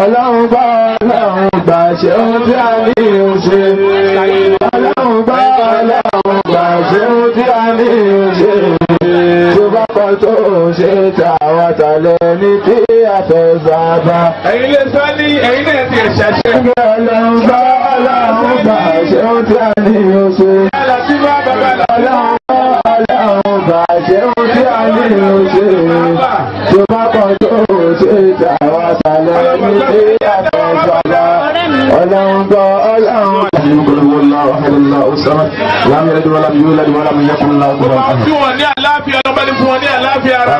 ọlọ́run bá ọlọ́run gbà ṣe ó tí a ní ọ̀ṣẹ́ ọlọ́run bá ọlọ́run gbà ṣe ó tí a ní ọ̀ṣẹ́ tó bá kọ́ tó ṣe tàwa tàlẹ́ ní tí a fẹ́ sábà. ẹ̀yin lè sọ ní ẹ̀yin náà ti ẹ̀ṣẹ̀ ṣe. ìdí àtọ̀gbàlá ọlọ́run gbọ́ ọlọ́run. Láàmì ẹ̀rẹ́dì wọ́n láàmì yóò lẹ́dì wọ́n láàmì yẹ́kùn ńlá ọ̀gbọ̀n. Fún wọn ní àlàáfíà ọlọ́pàá ní fún wọn ní àlàáfíà ara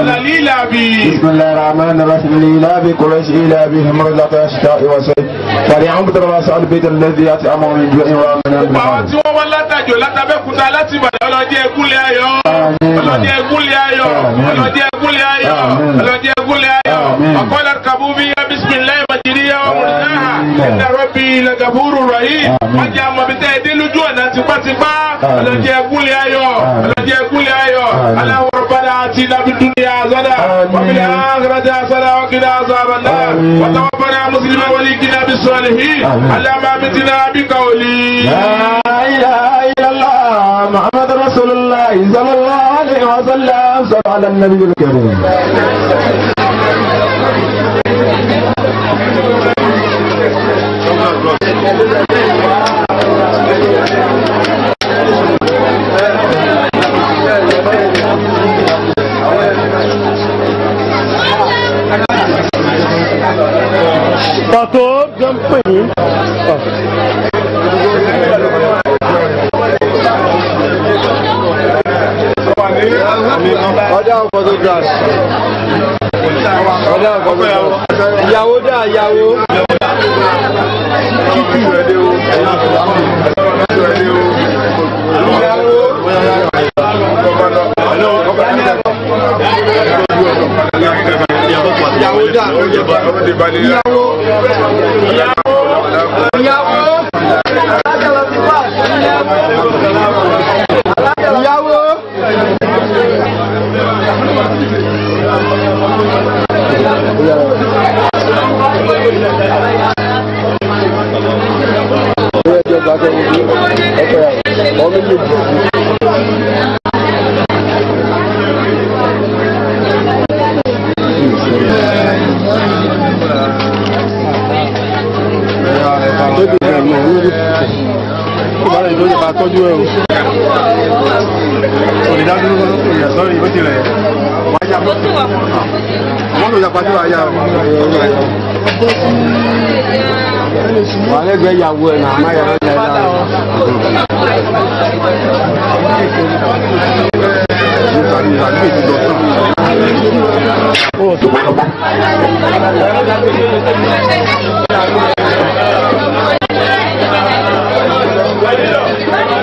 ọ̀là lílàbì. Bismillahir rahmanir rahim lílàbì kúrẹ́sì lílàbì hamurulata ṣìkà ìwàsẹ̀ fàlẹ́ àwọn bùtà bàbá sàlù bẹ́ẹ̀ tẹ̀lé lẹ́dí àti àmọ́ mi ju ìwà mi náà. gbogbo àwọn tí wọ́n wá látàjọ látàbẹ́kúta láti ìbàdàn ọlọ́dí ẹ̀kúnlẹ̀ ayọ̀ ọlọ́dí ẹ̀kúnlẹ̀ ayọ̀ ọlọ́dí ẹ̀kúnlẹ̀ ayọ̀ ọlọ́dí ẹ̀kúnlẹ̀ ayọ̀ ọ̀kọ́lá kàbúbí yá bísí قلناها ان ربي لغفور رحيم májà mọ̀ bí tẹ́ ẹ dé lójú ọ̀nà tipátipá ọ̀làjẹ́ ẹ̀kúnlẹ̀ ayọ̀ ọ̀làjẹ́ ẹ̀kúnlẹ̀ ayọ̀ aláwọ̀ padà àti ìdábìdúnlẹ̀ àzọ́dà wọ́pẹ̀lẹ̀ àgàràjà àzọ́dà ọ̀kìlẹ̀ àzọ́dà wọ́tàwọ́ padà mùsùlùmí wọlé ìkìlẹ̀ àbí sọ̀rọ̀ yìí aláàmà bìtì náà bí kàwọ́lì. محمد رسول الله صلى الله عليه وسلم صلى على النبي الكريم pàtó jẹ́ ń pè ní. ọjà ọ̀fọ̀dọ̀ grass ọjà ọ̀fọ̀dọ̀ ìyàwó dá ìyàwó ìyàwó. lórí bó tilẹ̀ wá yá tó yapa tí wàá yá wà lẹ́gbẹ̀ẹ́ ìyàwó ẹ̀ nà má yàrá ìyàrá Oh, tu vas